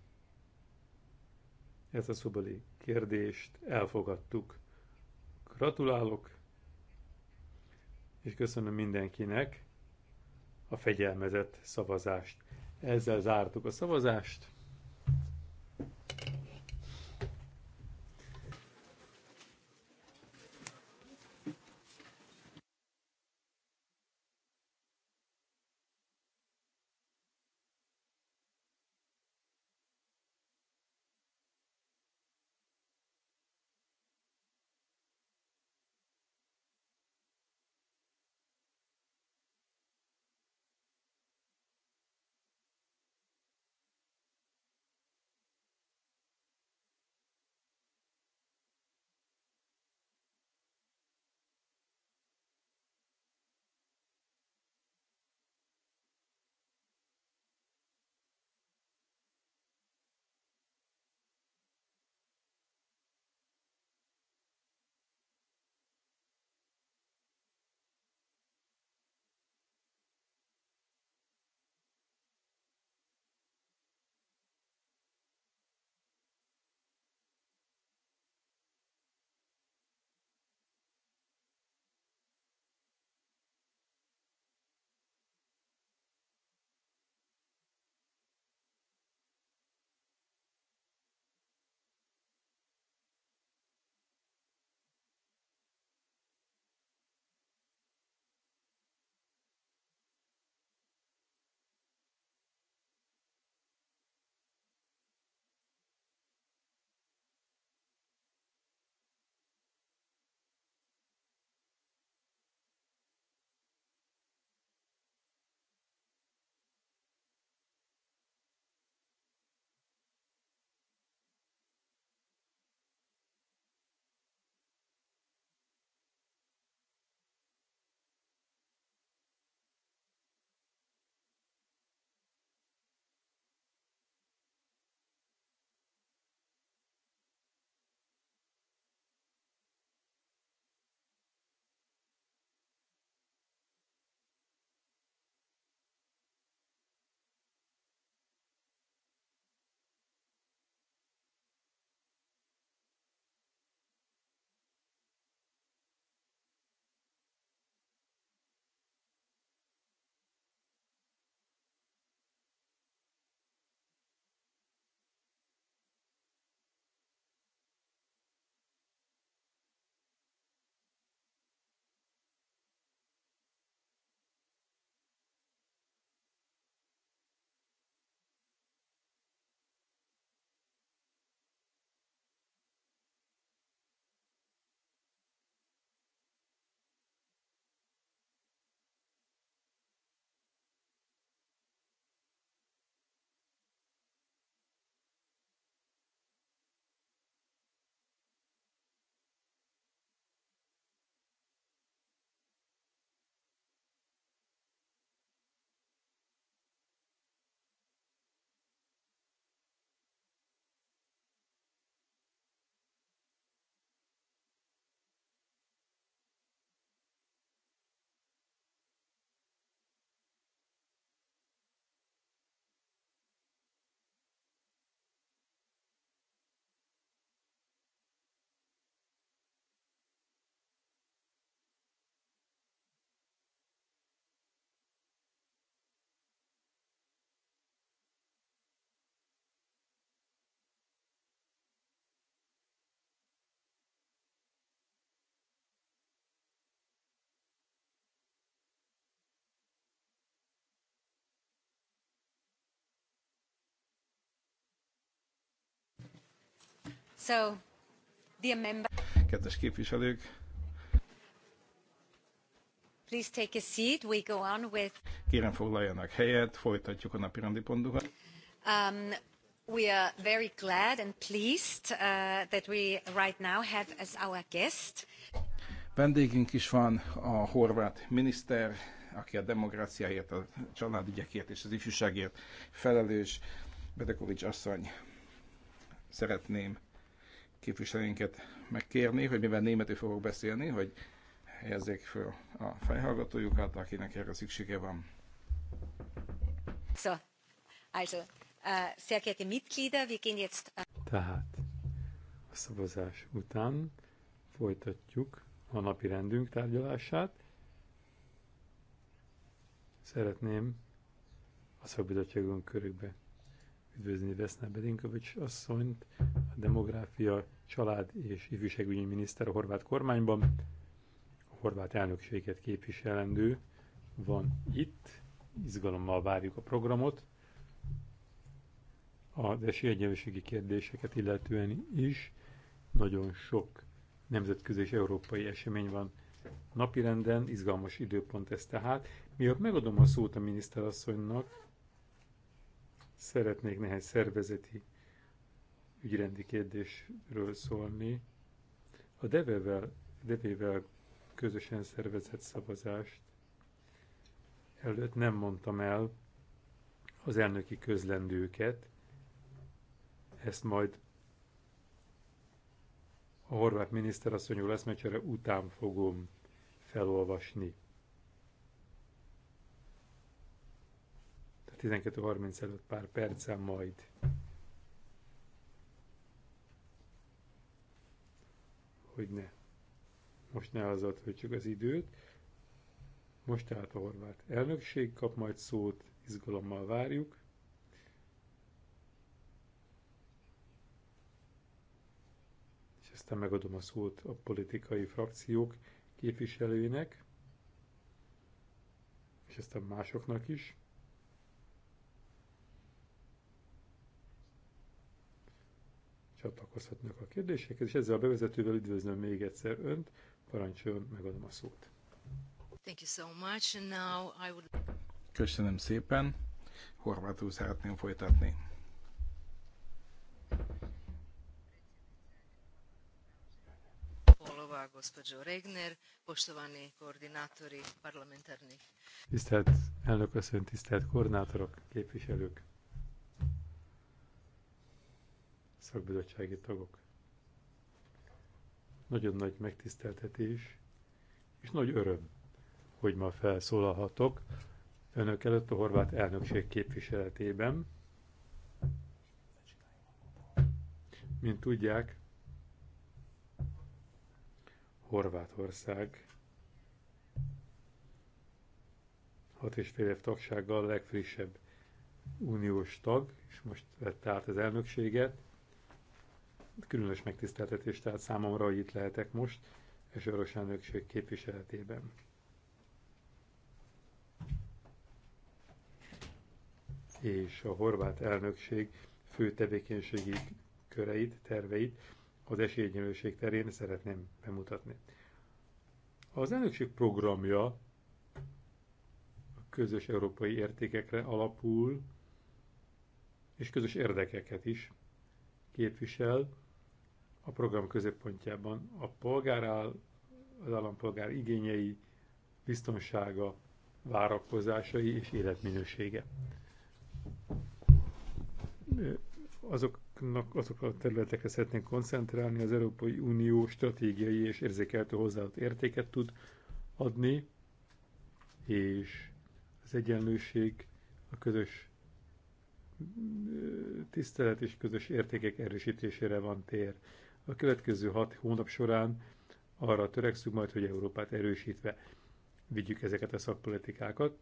ez a szobali kérdést elfogadtuk. Gratulálok, és köszönöm mindenkinek a fegyelmezett szavazást. Ezzel zártuk a szavazást. So, Kedves képviselők, Please take a seat. We go on with... Kérem foglaljanak helyet, folytatjuk a napi rendi pontokat. Um, we are very glad and pleased uh, that we right now have as our guest. Vendégünk is van a horvát miniszter, aki a demokráciáért, a családügyekért és az ifjúságért felelős, Bedekovics asszony. Szeretném képviselőinket megkérni, hogy mivel németül fogok beszélni, hogy helyezzék föl a fejhallgatójukat, akinek erre szüksége van. So, also, uh, sehr geehrte Mitglieder, wir gehen jetzt... Uh, Tehát a szavazás után folytatjuk a napi rendünk tárgyalását. Szeretném a szakbizottságon körébe üdvözni Veszne Bedinkovics asszonyt, a demográfia család és ifjúságügyi miniszter a horvát kormányban, a horvát elnökséget képviselendő van itt, izgalommal várjuk a programot, az esélyegyenlőségi kérdéseket illetően is nagyon sok nemzetközi és európai esemény van napirenden, izgalmas időpont ez tehát. Miatt megadom a szót a miniszterasszonynak, szeretnék néhány szervezeti ügyrendi kérdésről szólni. A devevel, devével közösen szervezett szavazást előtt nem mondtam el az elnöki közlendőket, ezt majd a horvát miniszterasszonyú leszmecsere után fogom felolvasni. 12.30 előtt pár perccel majd. hogy ne. Most ne azzal töltsük az időt. Most tehát a horvát elnökség kap majd szót, izgalommal várjuk. És aztán megadom a szót a politikai frakciók képviselőinek, és aztán másoknak is. csatlakozhatnak a kérdésekhez, és ezzel a bevezetővel üdvözlöm még egyszer Önt, parancsoljon, megadom a szót. Thank you so much, and now I would... Köszönöm szépen, horvátul szeretném folytatni. Regner, koordinátori parlamentarni. Tisztelt elnök, köszönöm, tisztelt koordinátorok, képviselők, szakbizottsági tagok. Nagyon nagy megtiszteltetés és nagy öröm, hogy ma felszólalhatok önök előtt a horvát elnökség képviseletében. Mint tudják, Horvátország hat és fél év tagsággal a legfrissebb uniós tag, és most vette át az elnökséget. Különös megtiszteltetés tehát számomra, hogy itt lehetek most, és soros elnökség képviseletében. És a horvát elnökség fő tevékenységi köreit, terveit az esélyegyenlőség terén szeretném bemutatni. Az elnökség programja a közös európai értékekre alapul, és közös érdekeket is képvisel, a program középpontjában a polgár áll, az állampolgár igényei, biztonsága, várakozásai és életminősége. Azoknak, azok a területekre szeretnénk koncentrálni, az Európai Unió stratégiai és érzékeltő hozzáadott értéket tud adni, és az egyenlőség, a közös tisztelet és közös értékek erősítésére van tér. A következő hat hónap során arra törekszünk majd, hogy Európát erősítve vigyük ezeket a szakpolitikákat,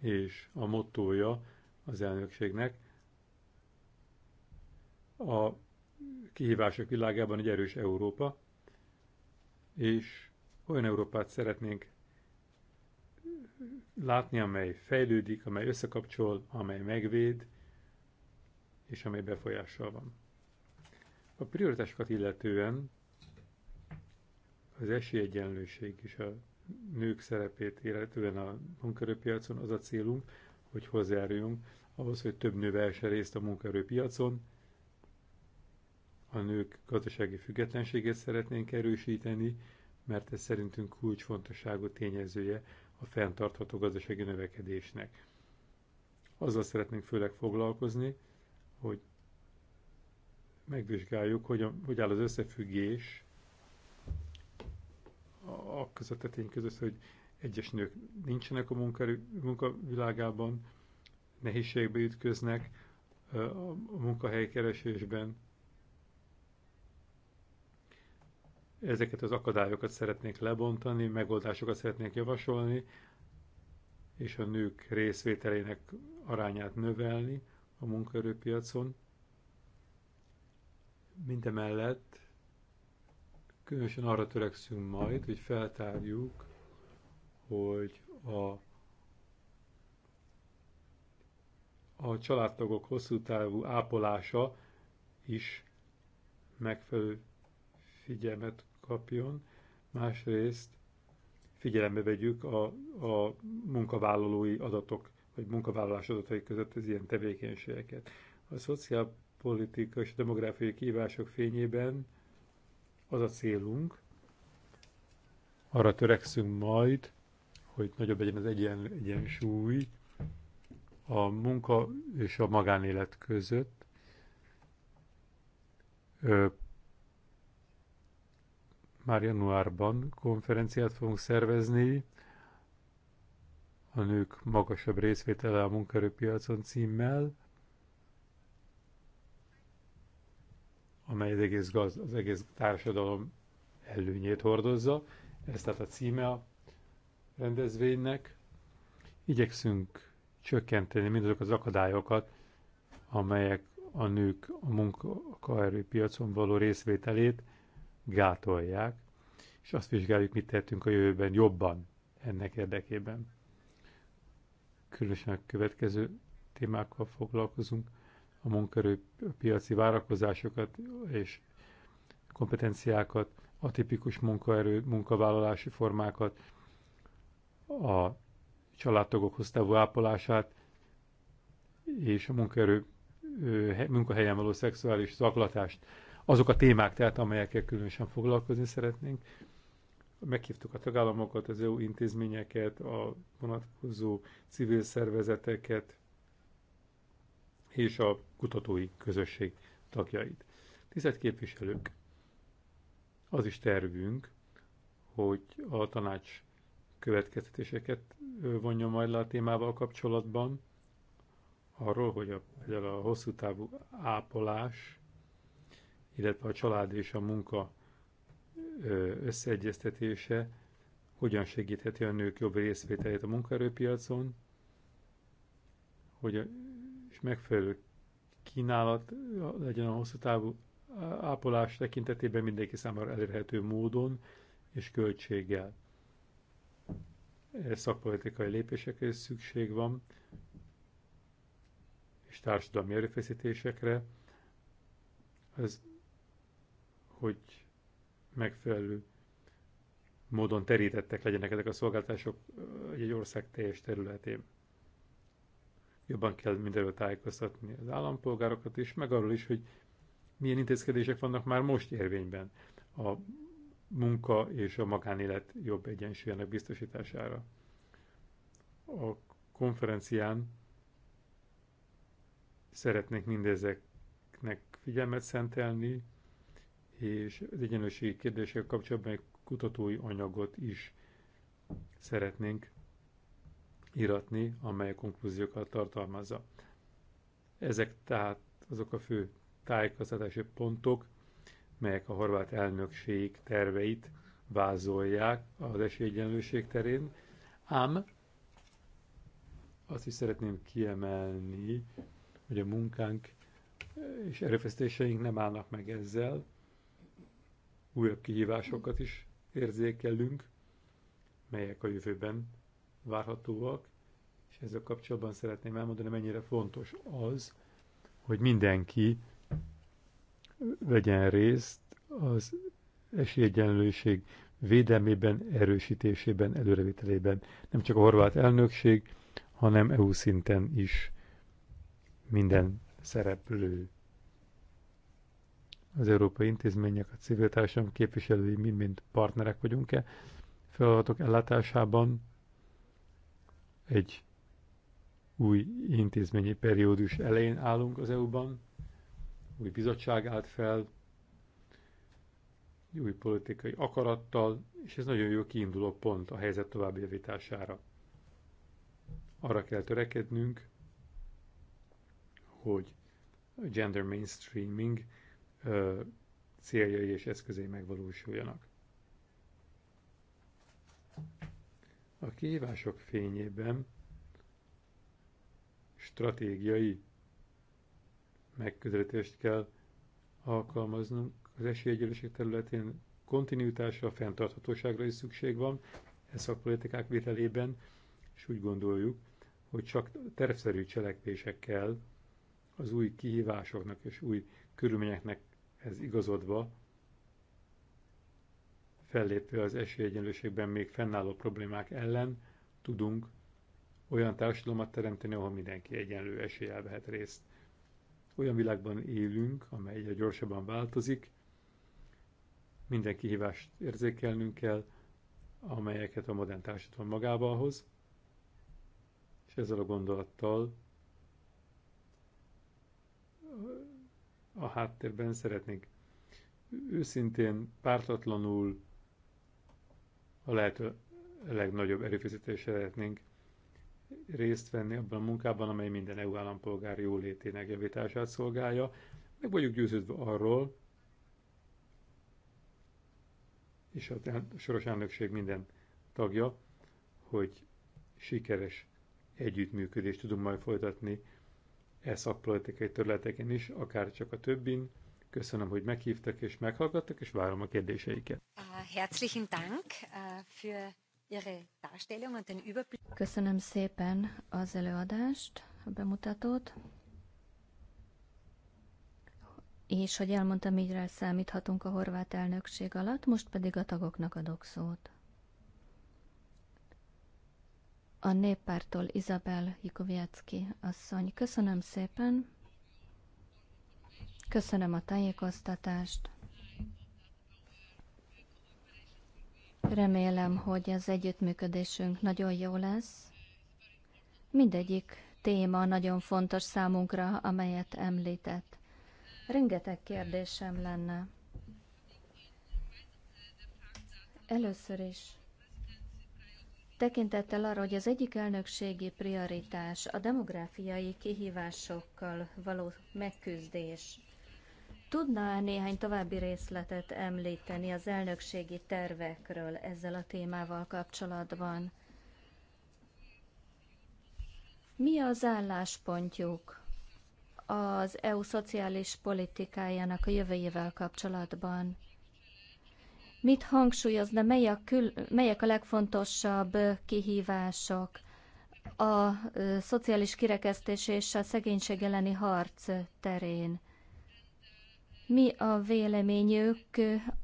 és a mottója az elnökségnek a kihívások világában egy erős Európa, és olyan Európát szeretnénk látni, amely fejlődik, amely összekapcsol, amely megvéd, és amely befolyással van. A prioritásokat illetően az esélyegyenlőség és a nők szerepét illetően a munkaerőpiacon az a célunk, hogy hozzájárjunk ahhoz, hogy több nő vehesse részt a munkaerőpiacon. A nők gazdasági függetlenségét szeretnénk erősíteni, mert ez szerintünk kulcsfontosságú tényezője a fenntartható gazdasági növekedésnek. Azzal szeretnénk főleg foglalkozni, hogy megvizsgáljuk, hogy, a, hogy áll az összefüggés a között a tény között, hogy egyes nők nincsenek a munkavilágában, nehézségbe ütköznek a munkahelykeresésben. Ezeket az akadályokat szeretnék lebontani, megoldásokat szeretnék javasolni, és a nők részvételének arányát növelni a munkaerőpiacon Mindemellett különösen arra törekszünk majd, hogy feltárjuk, hogy a, a családtagok hosszú távú ápolása is megfelelő figyelmet kapjon. Másrészt figyelembe vegyük a, a munkavállalói adatok, vagy munkavállalás adatai között az ilyen tevékenységeket. A szociál politikai és demográfiai kívások fényében az a célunk, arra törekszünk majd, hogy nagyobb legyen az egyen, egyensúly a munka és a magánélet között. Ö, már januárban konferenciát fogunk szervezni a nők magasabb részvétele a munkaerőpiacon címmel. amely az egész, gaz, az egész társadalom előnyét hordozza. Ez tehát a címe a rendezvénynek. Igyekszünk csökkenteni mindazok az akadályokat, amelyek a nők a munkaerőpiacon való részvételét gátolják, és azt vizsgáljuk, mit tettünk a jövőben jobban ennek érdekében. Különösen a következő témákkal foglalkozunk, a munkaerőpiaci várakozásokat és kompetenciákat, a tipikus munkaerő, munkavállalási formákat, a családtagokhoz távú ápolását és a munkaerő munkahelyen való szexuális zaklatást. Azok a témák tehát, amelyekkel különösen foglalkozni szeretnénk. Meghívtuk a tagállamokat, az EU intézményeket, a vonatkozó civil szervezeteket, és a kutatói közösség tagjait. Tisztelt képviselők, az is tervünk, hogy a tanács következtetéseket vonja majd le a témával kapcsolatban, arról, hogy a, például a hosszú távú ápolás, illetve a család és a munka összeegyeztetése hogyan segítheti a nők jobb részvételét a munkaerőpiacon, hogy a megfelelő kínálat legyen a hosszú távú ápolás tekintetében mindenki számára elérhető módon és költséggel. Szakpolitikai lépésekre is szükség van, és társadalmi erőfeszítésekre, az, hogy megfelelő módon terítettek legyenek ezek a szolgáltások egy ország teljes területén jobban kell mindenről tájékoztatni az állampolgárokat is, meg arról is, hogy milyen intézkedések vannak már most érvényben a munka és a magánélet jobb egyensúlyának biztosítására. A konferencián szeretnék mindezeknek figyelmet szentelni, és az egyenlőségi kérdések kapcsolatban egy kutatói anyagot is szeretnénk íratni, amely a konklúziókat tartalmazza. Ezek tehát azok a fő tájékoztatási pontok, melyek a horvát elnökség terveit vázolják az esélyegyenlőség terén, ám azt is szeretném kiemelni, hogy a munkánk és erőfeszítéseink nem állnak meg ezzel, újabb kihívásokat is érzékelünk, melyek a jövőben várhatóak, és ezzel kapcsolatban szeretném elmondani, mennyire fontos az, hogy mindenki vegyen részt az esélyegyenlőség védelmében, erősítésében, előrevételében. Nem csak a horvát elnökség, hanem EU szinten is minden szereplő. Az európai intézmények, a civil társadalom képviselői mind-mind partnerek vagyunk-e feladatok ellátásában, egy új intézményi periódus elején állunk az EU-ban, új bizottság állt fel, új politikai akarattal, és ez nagyon jó kiinduló pont a helyzet további javítására. Arra kell törekednünk, hogy a gender mainstreaming ö, céljai és eszközei megvalósuljanak. A kihívások fényében stratégiai megközelítést kell alkalmaznunk. Az esélyegyenlőség területén kontinuitásra, fenntarthatóságra is szükség van, ez a politikák vételében, és úgy gondoljuk, hogy csak tervszerű cselekvésekkel az új kihívásoknak és új körülményeknek ez igazodva fellépve az esélyegyenlőségben még fennálló problémák ellen tudunk olyan társadalmat teremteni, ahol mindenki egyenlő eséllyel vehet részt. Olyan világban élünk, amely egyre gyorsabban változik, minden kihívást érzékelnünk kell, amelyeket a modern társadalom magába hoz, és ezzel a gondolattal a háttérben szeretnék őszintén, pártatlanul a lehető legnagyobb erőfeszítésre lehetnénk részt venni abban a munkában, amely minden EU állampolgár jólétének javítását szolgálja. Meg vagyunk győződve arról, és a soros elnökség minden tagja, hogy sikeres együttműködést tudunk majd folytatni e szakpolitikai területeken is, akár csak a többin, Köszönöm, hogy meghívtak és meghallgattak, és várom a kérdéseiket. Uh, herzlichen Dank uh, für Ihre Darstellung und den Überblick. Köszönöm szépen az előadást, a bemutatót. És, hogy elmondtam, így rá számíthatunk a horvát elnökség alatt, most pedig a tagoknak adok szót. A néppártól Izabel Jikovjecki asszony. Köszönöm szépen. Köszönöm a tájékoztatást. Remélem, hogy az együttműködésünk nagyon jó lesz. Mindegyik téma nagyon fontos számunkra, amelyet említett. Rengeteg kérdésem lenne. Először is tekintettel arra, hogy az egyik elnökségi prioritás a demográfiai kihívásokkal való megküzdés. Tudná néhány további részletet említeni az elnökségi tervekről ezzel a témával kapcsolatban? Mi az álláspontjuk az EU szociális politikájának a jövőjével kapcsolatban? Mit hangsúlyozna, mely a kül- melyek a legfontosabb kihívások a szociális kirekesztés és a szegénység elleni harc terén? Mi a véleményük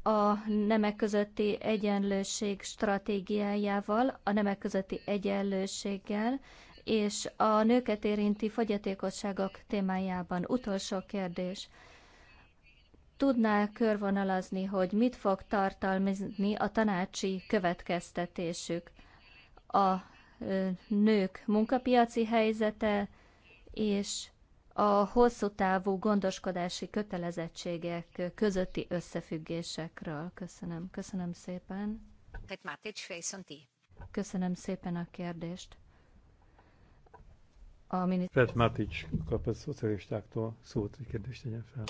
a nemek közötti egyenlőség stratégiájával, a nemek közötti egyenlőséggel és a nőket érinti fogyatékosságok témájában? Utolsó kérdés tudná körvonalazni, hogy mit fog tartalmazni a tanácsi következtetésük, a nők munkapiaci helyzete és a hosszú távú gondoskodási kötelezettségek közötti összefüggésekről. Köszönöm. Köszönöm szépen. Köszönöm szépen a kérdést. A miniszter... Fred Matic kap a szocialistáktól szót, hogy kérdést tegyen fel.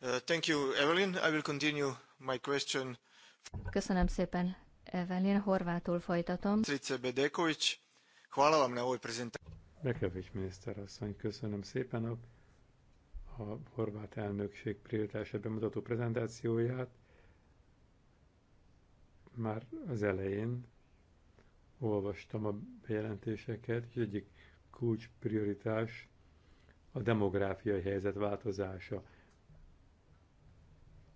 Uh, thank you, Evelyn. I will continue my question. Köszönöm szépen, Evelyn. Horvátul folytatom. Trice Bedekovic, hvala vam na ovoj prezentaciji. Bekevics asszony, köszönöm szépen a, a horvát elnökség prioritása bemutató prezentációját. Már az elején olvastam a bejelentéseket, és egyik kulcs prioritás a demográfiai helyzet változása.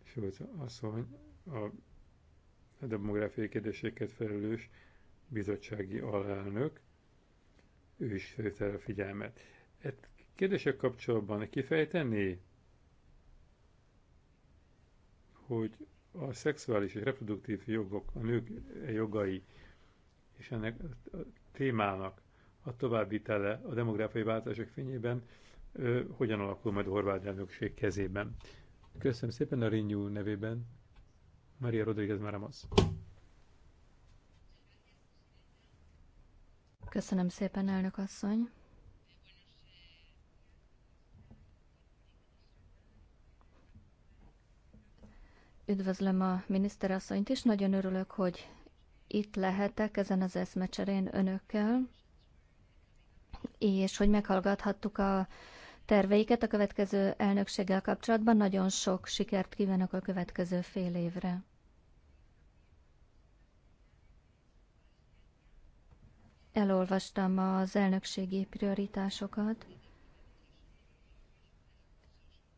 Sőt, asszony a, a demográfiai kérdéseket felelős bizottsági alelnök ő is felhívta a figyelmet. Egy kérdések kapcsolatban kifejteni, hogy a szexuális és reproduktív jogok, a nők jogai és ennek a témának a további tele a demográfiai változások fényében ő, hogyan alakul majd a horvát elnökség kezében. Köszönöm szépen a Renew nevében. Maria Rodriguez maramos Köszönöm szépen, elnök asszony. Üdvözlöm a miniszterasszonyt is, nagyon örülök, hogy itt lehetek ezen az eszmecserén önökkel, és hogy meghallgathattuk a terveiket a következő elnökséggel kapcsolatban. Nagyon sok sikert kívánok a következő fél évre. elolvastam az elnökségi prioritásokat,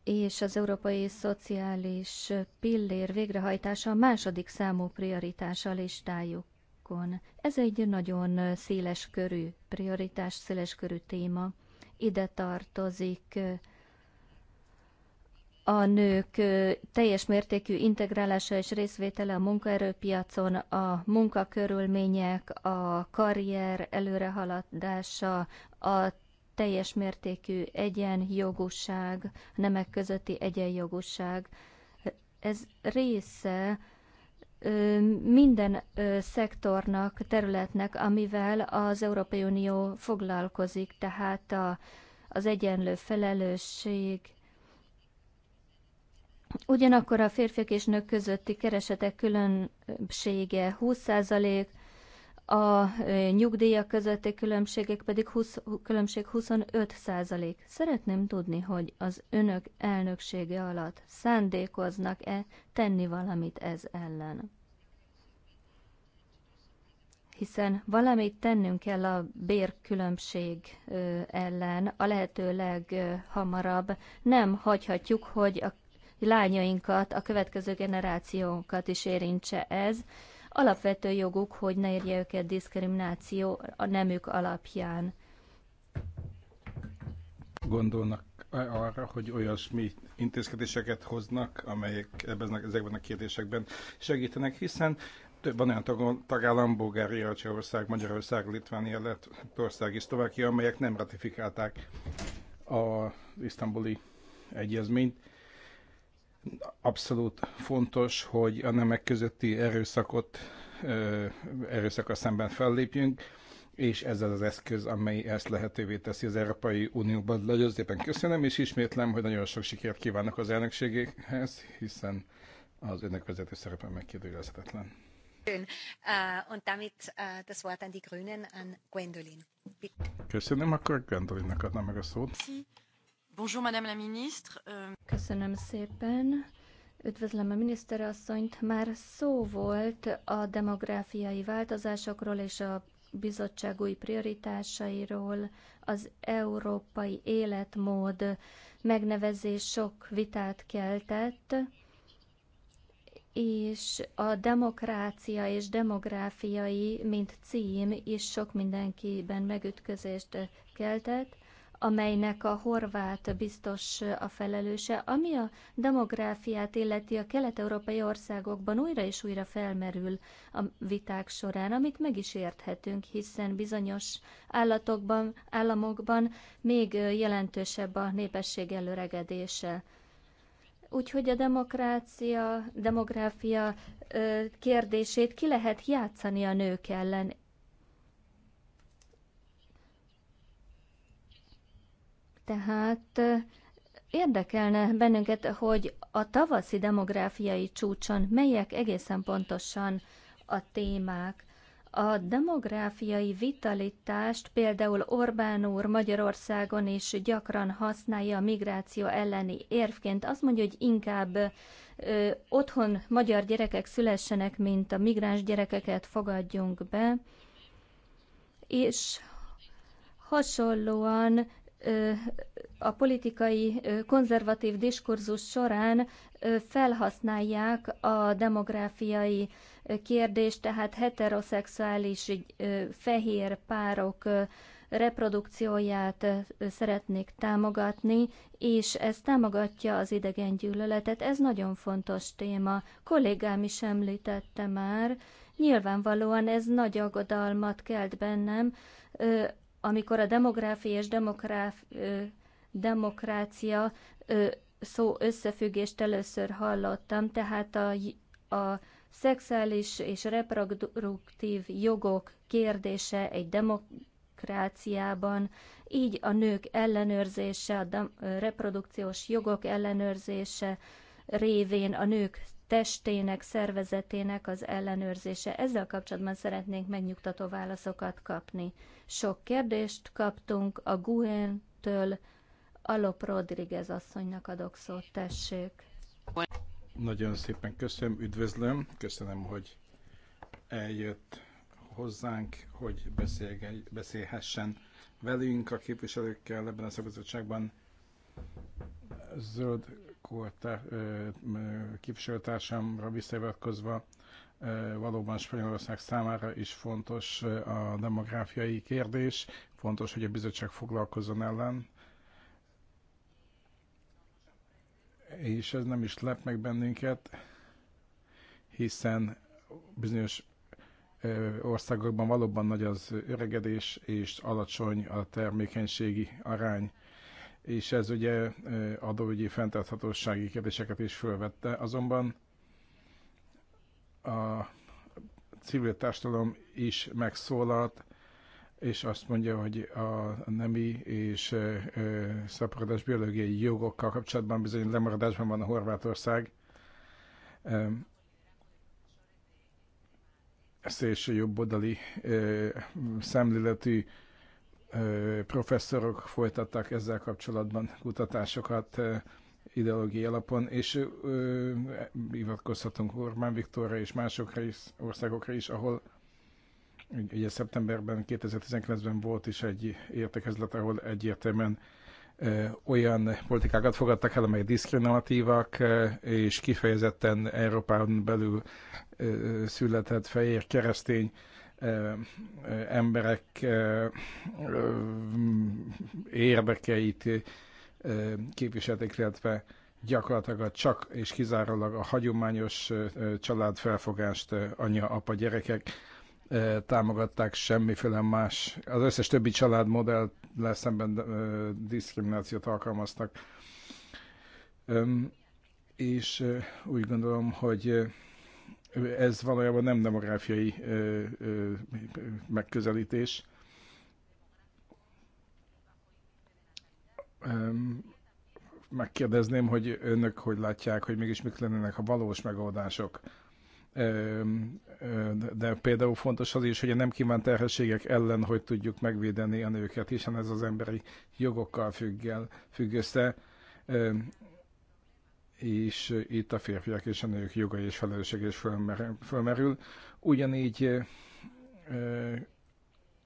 és az európai szociális pillér végrehajtása a második számú prioritás a listájukon. Ez egy nagyon széles körű prioritás, széles körű téma. Ide tartozik a nők teljes mértékű integrálása és részvétele a munkaerőpiacon, a munkakörülmények, a karrier előrehaladása, a teljes mértékű egyenjogúság, nemek közötti egyenjogúság. Ez része minden szektornak, területnek, amivel az Európai Unió foglalkozik, tehát a, az egyenlő felelősség, Ugyanakkor a férfiak és nők közötti keresetek különbsége 20%, a nyugdíjak közötti különbségek pedig 20, különbség 25%. Szeretném tudni, hogy az önök elnöksége alatt szándékoznak-e tenni valamit ez ellen. Hiszen valamit tennünk kell a bérkülönbség ellen a lehető leghamarabb. Nem hagyhatjuk, hogy a lányainkat, a következő generációkat is érintse ez. Alapvető joguk, hogy ne érje őket diszkrimináció a nemük alapján. Gondolnak arra, hogy olyasmi intézkedéseket hoznak, amelyek ebben, ezekben a kérdésekben segítenek, hiszen van olyan tagállam, Bulgária, Csehország, Magyarország, Litvánia, Lettország és Szlovákia, amelyek nem ratifikálták a isztambuli egyezményt abszolút fontos, hogy a nemek közötti erőszakot, erőszakra szemben fellépjünk, és ez az az eszköz, amely ezt lehetővé teszi az Európai Unióban. Nagyon szépen köszönöm, és ismétlem, hogy nagyon sok sikert kívánok az elnökségéhez, hiszen az önök vezető szerepe megkérdőjelezhetetlen. Köszönöm, akkor Gwendolinnak adnám meg a szót. Bonjour, Madame la Ministre. Euh, Köszönöm szépen. Üdvözlöm a miniszterasszonyt. Már szó volt a demográfiai változásokról és a bizottság új prioritásairól, az európai életmód megnevezés sok vitát keltett, és a demokrácia és demográfiai, mint cím is sok mindenkiben megütközést keltett amelynek a horvát biztos a felelőse, ami a demográfiát illeti a kelet-európai országokban újra és újra felmerül a viták során, amit meg is érthetünk, hiszen bizonyos állatokban, államokban még jelentősebb a népesség előregedése. Úgyhogy a demokrácia, demográfia kérdését ki lehet játszani a nők ellen, Tehát érdekelne bennünket, hogy a tavaszi demográfiai csúcson melyek egészen pontosan a témák. A demográfiai vitalitást például Orbán úr Magyarországon is gyakran használja a migráció elleni érvként. Azt mondja, hogy inkább ö, otthon magyar gyerekek szülessenek, mint a migráns gyerekeket fogadjunk be. És hasonlóan a politikai konzervatív diskurzus során felhasználják a demográfiai kérdést, tehát heteroszexuális fehér párok reprodukcióját szeretnék támogatni, és ez támogatja az idegen gyűlöletet. Ez nagyon fontos téma. Kollégám is említette már, Nyilvánvalóan ez nagy aggodalmat kelt bennem, amikor a demográfia és demokráf, demokrácia szó összefüggést először hallottam, tehát a, a szexuális és reproduktív jogok kérdése egy demokráciában, így a nők ellenőrzése, a reprodukciós jogok ellenőrzése révén a nők testének, szervezetének az ellenőrzése. Ezzel kapcsolatban szeretnénk megnyugtató válaszokat kapni. Sok kérdést kaptunk a GUEN-től. Alop Rodriguez asszonynak adok szót, tessék. Nagyon szépen köszönöm, üdvözlöm, köszönöm, hogy eljött hozzánk, hogy beszélhessen velünk a képviselőkkel ebben a szabadságban. Zöld kolt képviselőtársamra visszavatkozva, valóban Spanyolország számára is fontos a demográfiai kérdés, fontos, hogy a bizottság foglalkozzon ellen. És ez nem is lep meg bennünket, hiszen bizonyos országokban valóban nagy az öregedés és alacsony a termékenységi arány és ez ugye adóügyi fenntarthatósági kérdéseket is fölvette, azonban a civil társadalom is megszólalt, és azt mondja, hogy a nemi és szaporodás biológiai jogokkal kapcsolatban bizony lemaradásban van a Horvátország. Szélső jobboldali szemléletű professzorok folytattak ezzel kapcsolatban kutatásokat ideológiai alapon, és hivatkozhatunk Orbán Viktorra és mások is, országokra is, ahol ugye szeptemberben, 2019-ben volt is egy értekezlet, ahol egyértelműen ö, olyan politikákat fogadtak el, amelyek diszkriminatívak, és kifejezetten Európán belül ö, született fehér keresztény emberek érdekeit képviselték, illetve gyakorlatilag csak és kizárólag a hagyományos felfogást anya-apa gyerekek támogatták semmiféle más. Az összes többi családmodell szemben diszkriminációt alkalmaztak. És úgy gondolom, hogy ez valójában nem demográfiai megközelítés. Megkérdezném, hogy önök hogy látják, hogy mégis mik lennének a valós megoldások de például fontos az is, hogy a nem kívánt terhességek ellen hogy tudjuk megvédeni a nőket, hiszen ez az emberi jogokkal függ, el, függ össze és itt a férfiak és a nők jogai és felelősség is fölmerül. Ugyanígy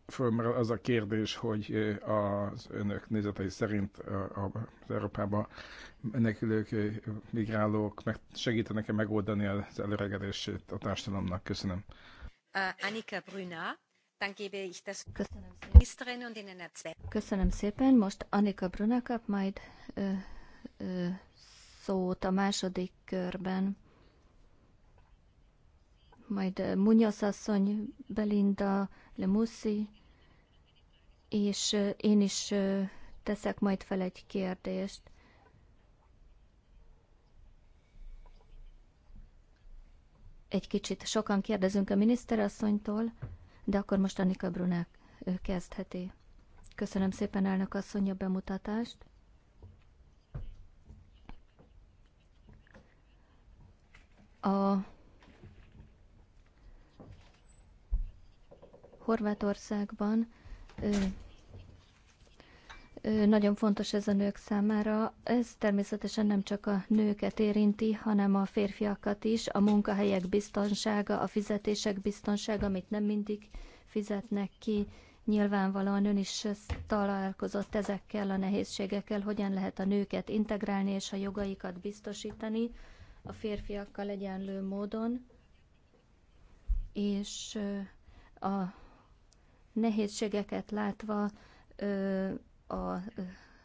fölmerül az a kérdés, hogy az önök nézetei szerint az Európában menekülők, migrálók meg segítenek-e megoldani az előregedését a társadalomnak? Köszönöm. Annika Bruna, Köszönöm szépen. Köszönöm szépen. Most Annika Bruna kap majd ö, ö, szót a második körben. Majd eh, Munyos asszony, Belinda, Lemuszi, és eh, én is eh, teszek majd fel egy kérdést. Egy kicsit sokan kérdezünk a miniszterasszonytól, de akkor most Annika Brunák kezdheti. Köszönöm szépen, elnök asszony, a bemutatást. a Horvátországban ö, ö, nagyon fontos ez a nők számára. Ez természetesen nem csak a nőket érinti, hanem a férfiakat is. A munkahelyek biztonsága, a fizetések biztonsága, amit nem mindig fizetnek ki. Nyilvánvalóan ön is találkozott ezekkel a nehézségekkel, hogyan lehet a nőket integrálni és a jogaikat biztosítani a férfiakkal egyenlő módon, és a nehézségeket látva a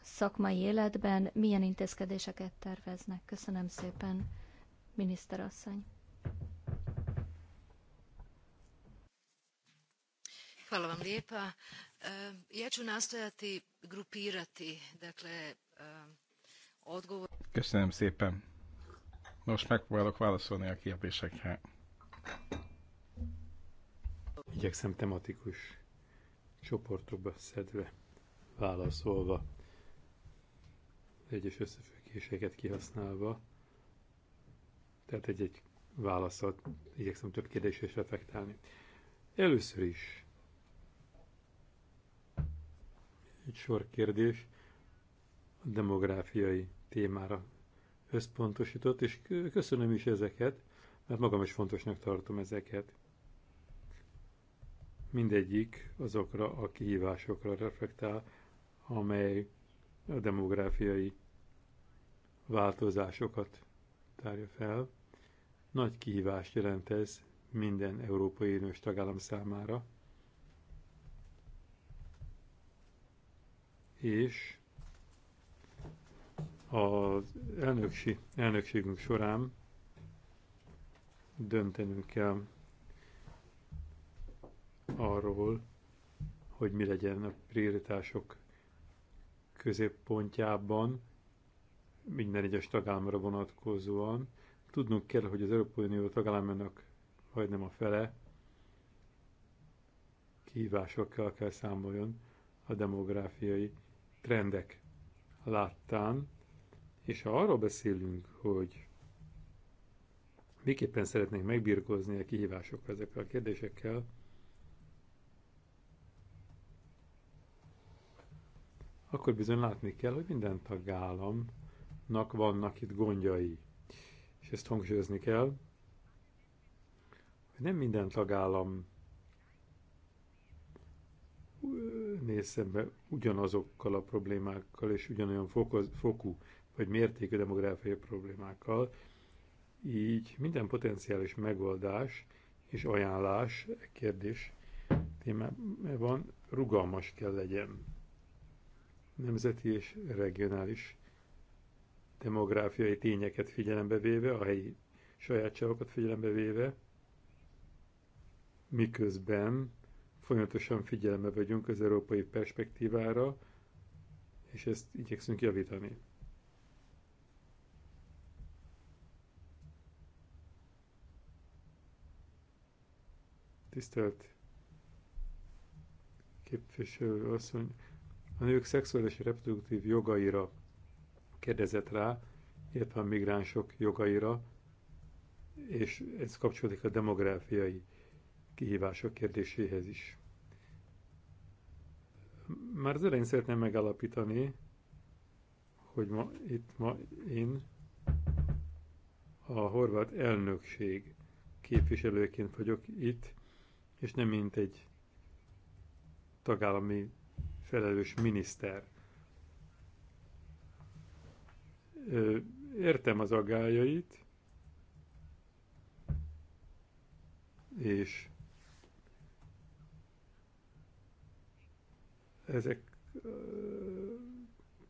szakmai életben milyen intézkedéseket terveznek. Köszönöm szépen, miniszterasszony. Hvala vam lijepa. E, ja ću nastojati grupirati, dakle, e, odgovor... Köszönöm szépen. Most megpróbálok válaszolni a kérdésekre. Igyekszem tematikus csoportokba szedve, válaszolva, egyes összefüggéseket kihasználva. Tehát egy-egy válaszat igyekszem több kérdésre is reflektálni. Először is egy sor kérdés a demográfiai témára összpontosított, és köszönöm is ezeket, mert magam is fontosnak tartom ezeket. Mindegyik azokra a kihívásokra reflektál, amely a demográfiai változásokat tárja fel. Nagy kihívást jelent ez minden Európai Uniós tagállam számára. És az elnöksi, elnökségünk során döntenünk kell arról, hogy mi legyen a prioritások középpontjában, minden egyes tagállamra vonatkozóan. Tudnunk kell, hogy az Európai Unió tagállamának majdnem a fele kihívásokkal kell számoljon a demográfiai trendek láttán. És ha arról beszélünk, hogy miképpen szeretnénk megbirkózni a kihívásokkal, ezekkel a kérdésekkel, akkor bizony látni kell, hogy minden tagállamnak vannak itt gondjai. És ezt hangsúlyozni kell, hogy nem minden tagállam néz szembe ugyanazokkal a problémákkal és ugyanolyan fokú vagy mértékű demográfiai problémákkal, így minden potenciális megoldás és ajánlás e kérdés témában rugalmas kell legyen. Nemzeti és regionális demográfiai tényeket figyelembe véve, a helyi sajátságokat figyelembe véve, miközben folyamatosan figyelembe vagyunk az európai perspektívára, és ezt igyekszünk javítani. Tisztelt képviselő asszony, a nők szexuális reproduktív jogaira kérdezett rá, illetve a migránsok jogaira, és ez kapcsolódik a demográfiai kihívások kérdéséhez is. Már az elején szeretném megállapítani, hogy ma, itt ma én a horvát elnökség képviselőként vagyok itt, és nem mint egy tagállami felelős miniszter. Értem az agályait, és ezek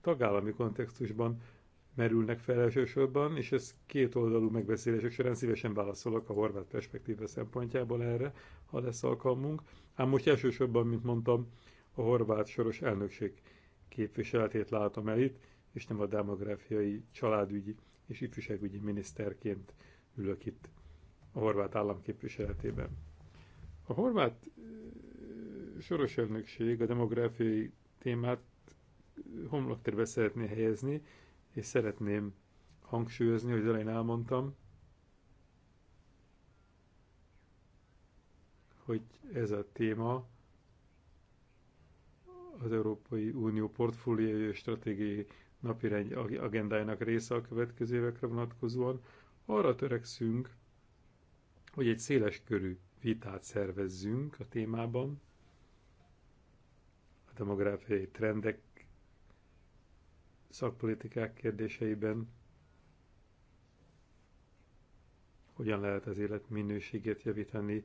tagállami kontextusban merülnek fel elsősorban, és ez két oldalú megbeszélések során szívesen válaszolok a horvát perspektíve szempontjából erre, ha lesz alkalmunk. Ám most elsősorban, mint mondtam, a horvát soros elnökség képviseletét látom el itt, és nem a demográfiai, családügyi és ifjúságügyi miniszterként ülök itt a horvát állam képviseletében. A horvát eh, soros elnökség a demográfiai témát eh, homlokterbe szeretné helyezni, és szeretném hangsúlyozni, hogy elején elmondtam, hogy ez a téma az Európai Unió portfóliói és stratégiai napirendi agendájának része a következő évekre vonatkozóan. Arra törekszünk, hogy egy széles körű vitát szervezzünk a témában, a demográfiai trendek szakpolitikák kérdéseiben hogyan lehet az élet minőségét javítani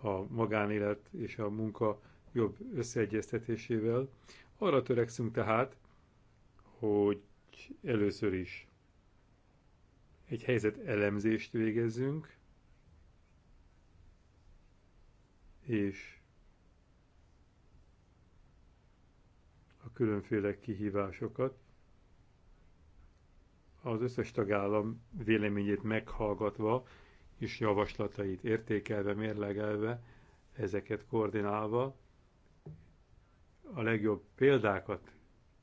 a magánélet és a munka jobb összeegyeztetésével. Arra törekszünk tehát, hogy először is egy helyzet elemzést végezzünk, és a különféle kihívásokat az összes tagállam véleményét meghallgatva és javaslatait értékelve, mérlegelve, ezeket koordinálva, a legjobb példákat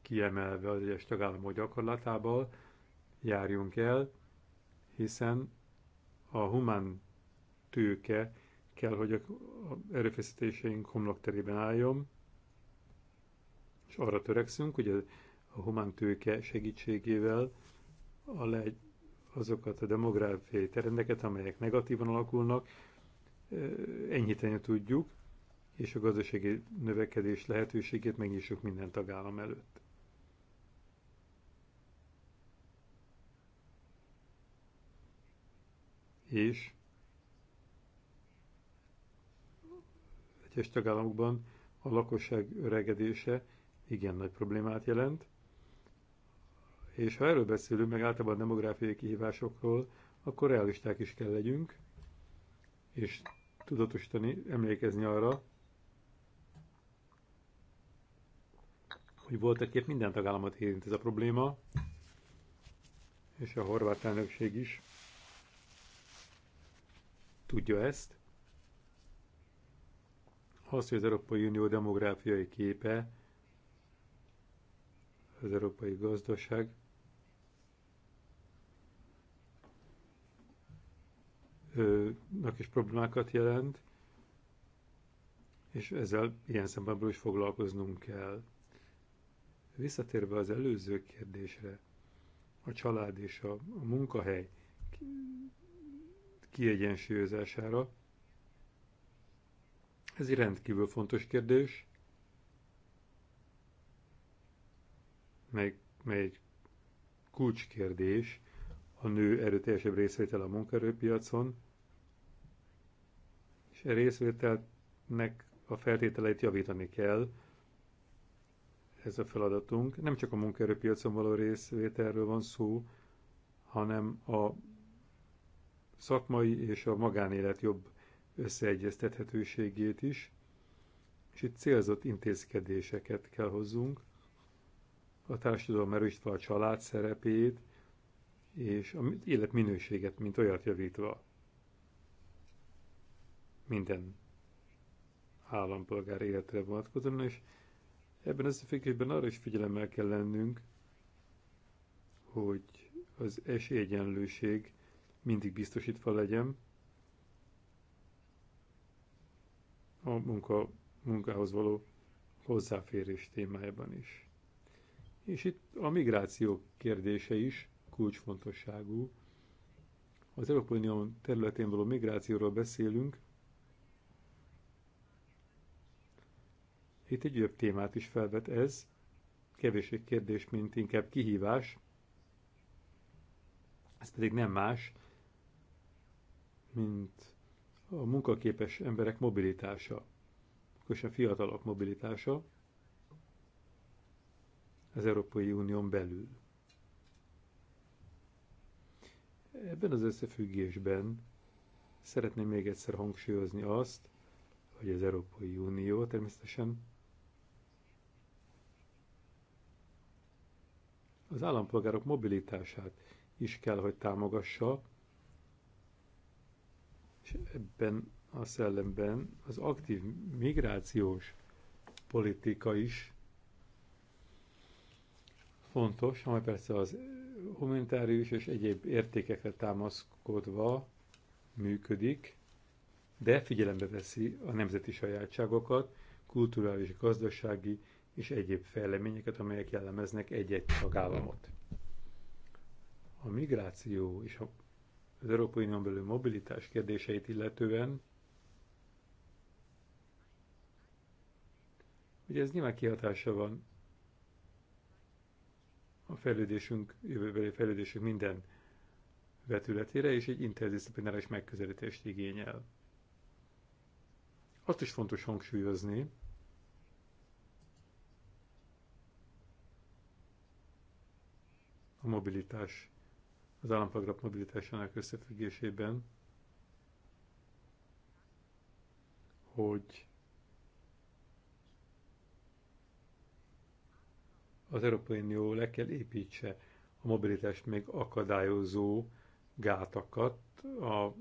kiemelve az egyes tagállamok gyakorlatából járjunk el, hiszen a humán tőke kell, hogy a erőfeszítéseink homlokterében álljon, és arra törekszünk, hogy a humán tőke segítségével a le, azokat a demográfiai trendeket, amelyek negatívan alakulnak, enyhíteni tudjuk, és a gazdasági növekedés lehetőségét megnyissuk minden tagállam előtt. És egyes tagállamokban a lakosság öregedése igen nagy problémát jelent, és ha erről beszélünk, meg általában demográfiai kihívásokról, akkor realisták is kell legyünk, és tudatosítani, emlékezni arra, hogy voltak épp minden tagállamot érint ez a probléma, és a horvát elnökség is tudja ezt. Az, hogy az Európai Unió demográfiai képe, az európai gazdaság nak is problémákat jelent, és ezzel ilyen szempontból is foglalkoznunk kell. Visszatérve az előző kérdésre, a család és a, a munkahely kiegyensúlyozására, ez egy rendkívül fontos kérdés, mely, mely egy kulcskérdés a nő erőteljesebb részvétel a munkaerőpiacon, és a e részvételnek a feltételeit javítani kell, ez a feladatunk. Nem csak a munkaerőpiacon való részvételről van szó, hanem a szakmai és a magánélet jobb összeegyeztethetőségét is, és itt célzott intézkedéseket kell hozzunk, a társadalom erősítve a család szerepét, és a életminőséget, mint olyat javítva minden állampolgár életre vonatkozóan, és ebben az összefüggésben arra is figyelemmel kell lennünk, hogy az esélyegyenlőség mindig biztosítva legyen a munka, munkához való hozzáférés témájában is. És itt a migráció kérdése is kulcsfontosságú. Az Európai Unió területén való migrációról beszélünk. Itt egy jobb témát is felvet ez, kevés egy kérdés, mint inkább kihívás. Ez pedig nem más, mint a munkaképes emberek mobilitása, és a fiatalok mobilitása az Európai Unión belül. Ebben az összefüggésben szeretném még egyszer hangsúlyozni azt, hogy az Európai Unió természetesen az állampolgárok mobilitását is kell, hogy támogassa, és ebben a szellemben az aktív migrációs politika is fontos, amely persze az humanitárius és egyéb értékekre támaszkodva működik, de figyelembe veszi a nemzeti sajátságokat, kulturális, gazdasági és egyéb fejleményeket, amelyek jellemeznek egy-egy tagállamot. A migráció és az Európai Unión belül mobilitás kérdéseit illetően Ugye ez nyilván kihatása van a fejlődésünk, jövőbeli fejlődésünk minden vetületére, és egy interdisziplináris megközelítést igényel. Azt is fontos hangsúlyozni, a mobilitás, az állampagrap mobilitásának összefüggésében, hogy az Európai Unió le kell építse a mobilitást még akadályozó gátakat a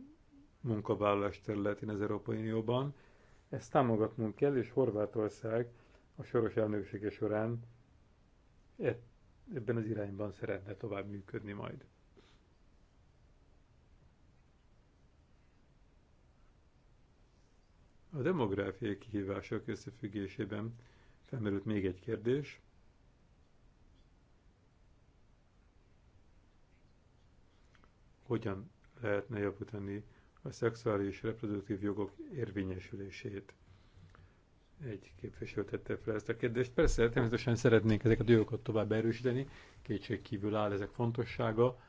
munkavállalás területén az Európai Unióban. Ezt támogatnunk kell, és Horvátország a soros elnöksége során e- ebben az irányban szeretne tovább működni majd. A demográfiai kihívások összefüggésében felmerült még egy kérdés. hogyan lehetne javítani a szexuális és reproduktív jogok érvényesülését. Egy képviselő tette fel ezt a kérdést. Persze, természetesen szeretnénk ezeket a jogokat tovább erősíteni, kétség kívül áll ezek fontossága,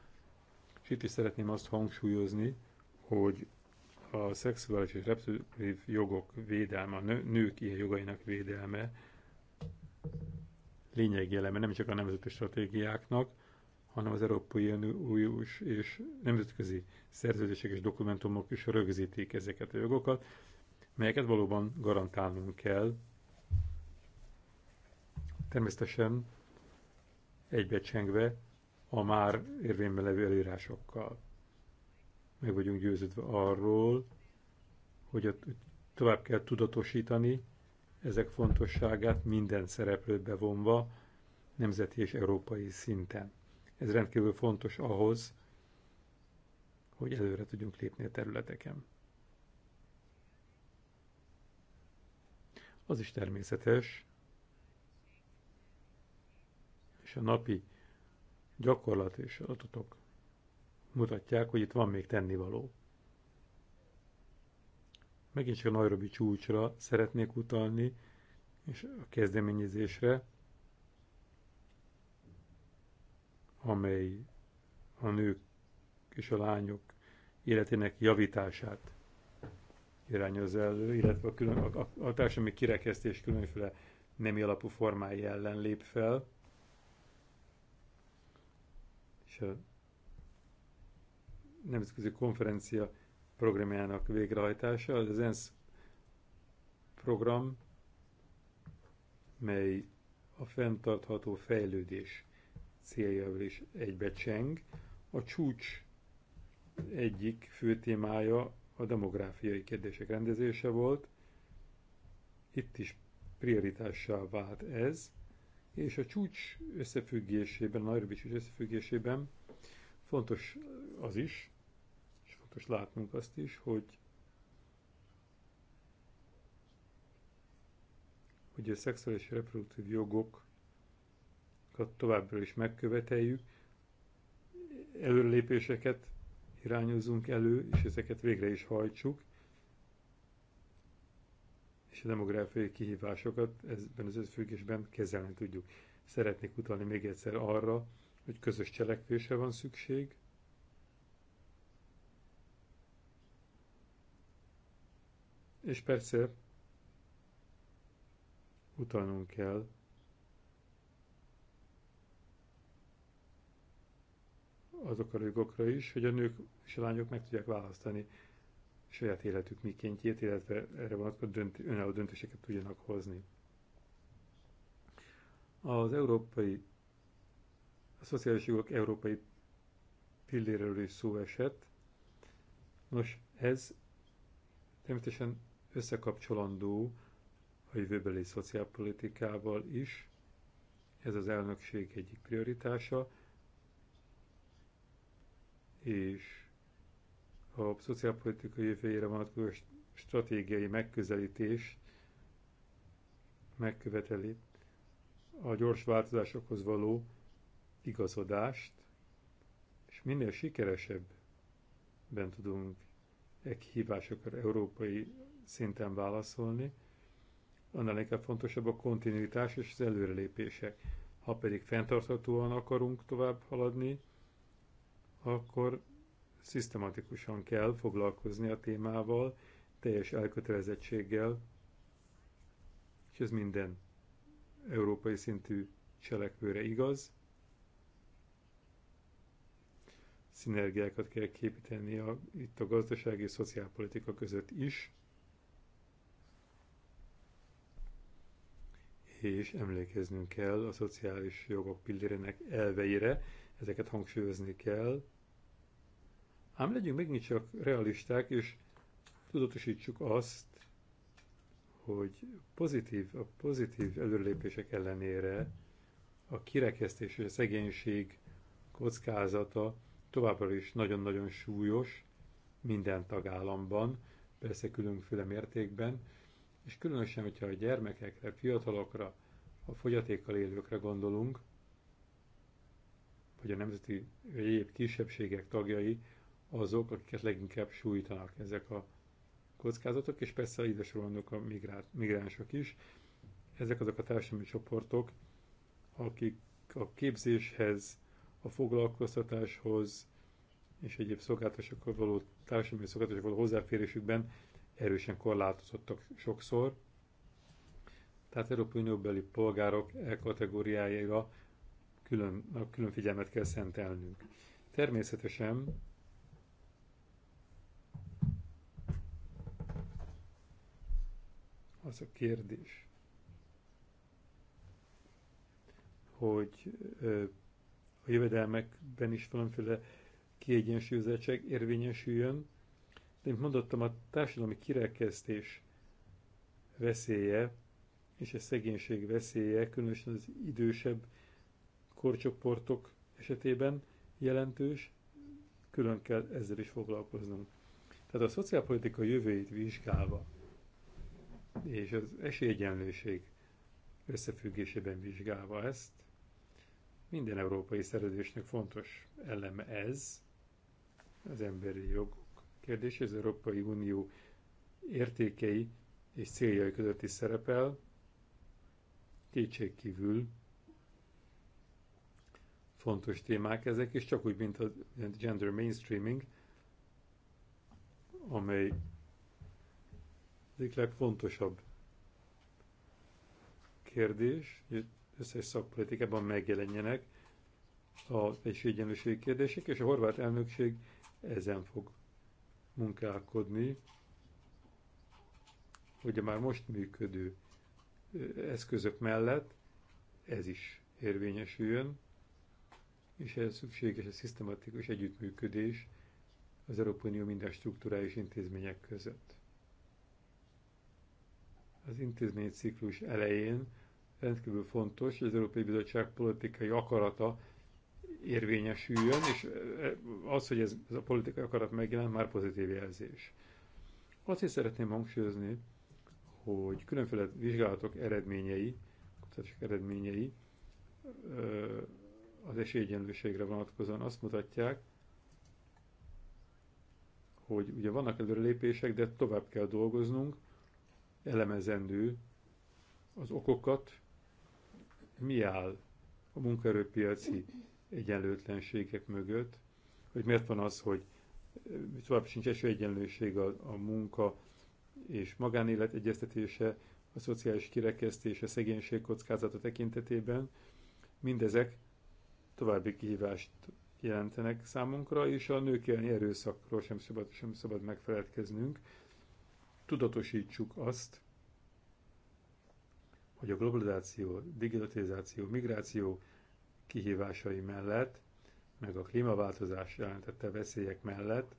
és itt is szeretném azt hangsúlyozni, hogy a szexuális és reproduktív jogok védelme, a nők ilyen jogainak védelme lényegi eleme nem csak a nemzeti stratégiáknak, hanem az Európai Uniós és nemzetközi szerződések és dokumentumok is rögzítik ezeket a jogokat, melyeket valóban garantálnunk kell. Természetesen egybecsengve a már érvényben levő előírásokkal. Meg vagyunk győződve arról, hogy tovább kell tudatosítani ezek fontosságát minden szereplőt bevonva, nemzeti és európai szinten. Ez rendkívül fontos ahhoz, hogy előre tudjunk lépni a területeken. Az is természetes, és a napi gyakorlat és adatok mutatják, hogy itt van még tennivaló. Megint csak a Nairobi csúcsra szeretnék utalni, és a kezdeményezésre, amely a nők és a lányok életének javítását irányoz elő, illetve a, külön, a, a társadalmi kirekesztés különféle nemi alapú formái ellen lép fel. És a nemzetközi konferencia programjának végrehajtása, az ENSZ program, mely a fenntartható fejlődés céljával is egybecseng. A csúcs egyik fő témája a demográfiai kérdések rendezése volt. Itt is prioritássá vált ez, és a csúcs összefüggésében, a nagyobb csúcs összefüggésében fontos az is, és fontos látnunk azt is, hogy hogy a szexuális reproduktív jogok továbbra is megköveteljük, előrelépéseket irányozunk elő, és ezeket végre is hajtsuk, és a demográfiai kihívásokat ezben az összefüggésben kezelni tudjuk. Szeretnék utalni még egyszer arra, hogy közös cselekvése van szükség, és persze utalnunk kell azokra a jogokra is, hogy a nők és a lányok meg tudják választani saját életük mikéntjét, illetve erre vonatkozó dönt, önálló döntéseket tudjanak hozni. Az európai, a szociális jogok európai pilléről is szó esett. Nos, ez természetesen összekapcsolandó a jövőbeli szociálpolitikával is. Ez az elnökség egyik prioritása és a szociálpolitikai jövőjére vonatkozó stratégiai megközelítés megköveteli a gyors változásokhoz való igazodást, és minél sikeresebben tudunk e kihívásokra európai szinten válaszolni, annál inkább fontosabb a kontinuitás és az előrelépések. Ha pedig fenntarthatóan akarunk tovább haladni, akkor szisztematikusan kell foglalkozni a témával, teljes elkötelezettséggel, és ez minden európai szintű cselekvőre igaz. Szinergiákat kell képíteni a, itt a gazdasági és szociálpolitika között is, és emlékeznünk kell a szociális jogok pillérének elveire, ezeket hangsúlyozni kell. Ám legyünk megint csak realisták, és tudatosítsuk azt, hogy pozitív, a pozitív előlépések ellenére a kirekesztés és a szegénység kockázata továbbra is nagyon-nagyon súlyos minden tagállamban, persze különféle mértékben, és különösen, hogyha a gyermekekre, fiatalokra, a fogyatékkal élőkre gondolunk, vagy a nemzeti vagy egyéb kisebbségek tagjai azok, akiket leginkább sújtanak ezek a kockázatok, és persze ide sorolnak a migrát, migránsok is. Ezek azok a társadalmi csoportok, akik a képzéshez, a foglalkoztatáshoz és egyéb szolgáltatásokkal való társadalmi szolgáltatásokkal hozzáférésükben erősen korlátozottak sokszor. Tehát Európai Nobeli polgárok e kategóriájára külön, külön figyelmet kell szentelnünk. Természetesen az a kérdés, hogy a jövedelmekben is valamiféle kiegyensúlyozottság érvényesüljön, de mint mondottam, a társadalmi kirekesztés veszélye és a szegénység veszélye, különösen az idősebb korcsoportok esetében jelentős, külön kell ezzel is foglalkoznunk. Tehát a szociálpolitika jövőjét vizsgálva és az esélyegyenlőség összefüggésében vizsgálva ezt, minden európai szerződésnek fontos eleme ez, az emberi jogok kérdés, az Európai Unió értékei és céljai közötti szerepel, kétségkívül fontos témák ezek, és csak úgy, mint a gender mainstreaming, amely egyik legfontosabb kérdés, hogy összes szakpolitikában megjelenjenek a egységgyenlőség kérdések, és a horvát elnökség ezen fog munkálkodni, hogy a már most működő eszközök mellett ez is érvényesüljön és ehhez szükséges a szisztematikus együttműködés az Európai Unió minden struktúrális intézmények között. Az intézményi ciklus elején rendkívül fontos, hogy az Európai Bizottság politikai akarata érvényesüljön, és e, az, hogy ez, ez a politikai akarat megjelent, már pozitív jelzés. Azt is szeretném hangsúlyozni, hogy különféle vizsgálatok eredményei, kutatások eredményei az esélyegyenlőségre vonatkozóan azt mutatják, hogy ugye vannak előrelépések, de tovább kell dolgoznunk, elemezendő az okokat, mi áll a munkaerőpiaci egyenlőtlenségek mögött, hogy miért van az, hogy tovább sincs esélyegyenlőség a, a munka és magánélet egyeztetése, a szociális kirekesztés, a szegénység kockázata tekintetében, mindezek további kihívást jelentenek számunkra, és a nők elleni erőszakról sem szabad, sem szabad megfeledkeznünk. Tudatosítsuk azt, hogy a globalizáció, digitalizáció, migráció kihívásai mellett, meg a klímaváltozás jelentette veszélyek mellett,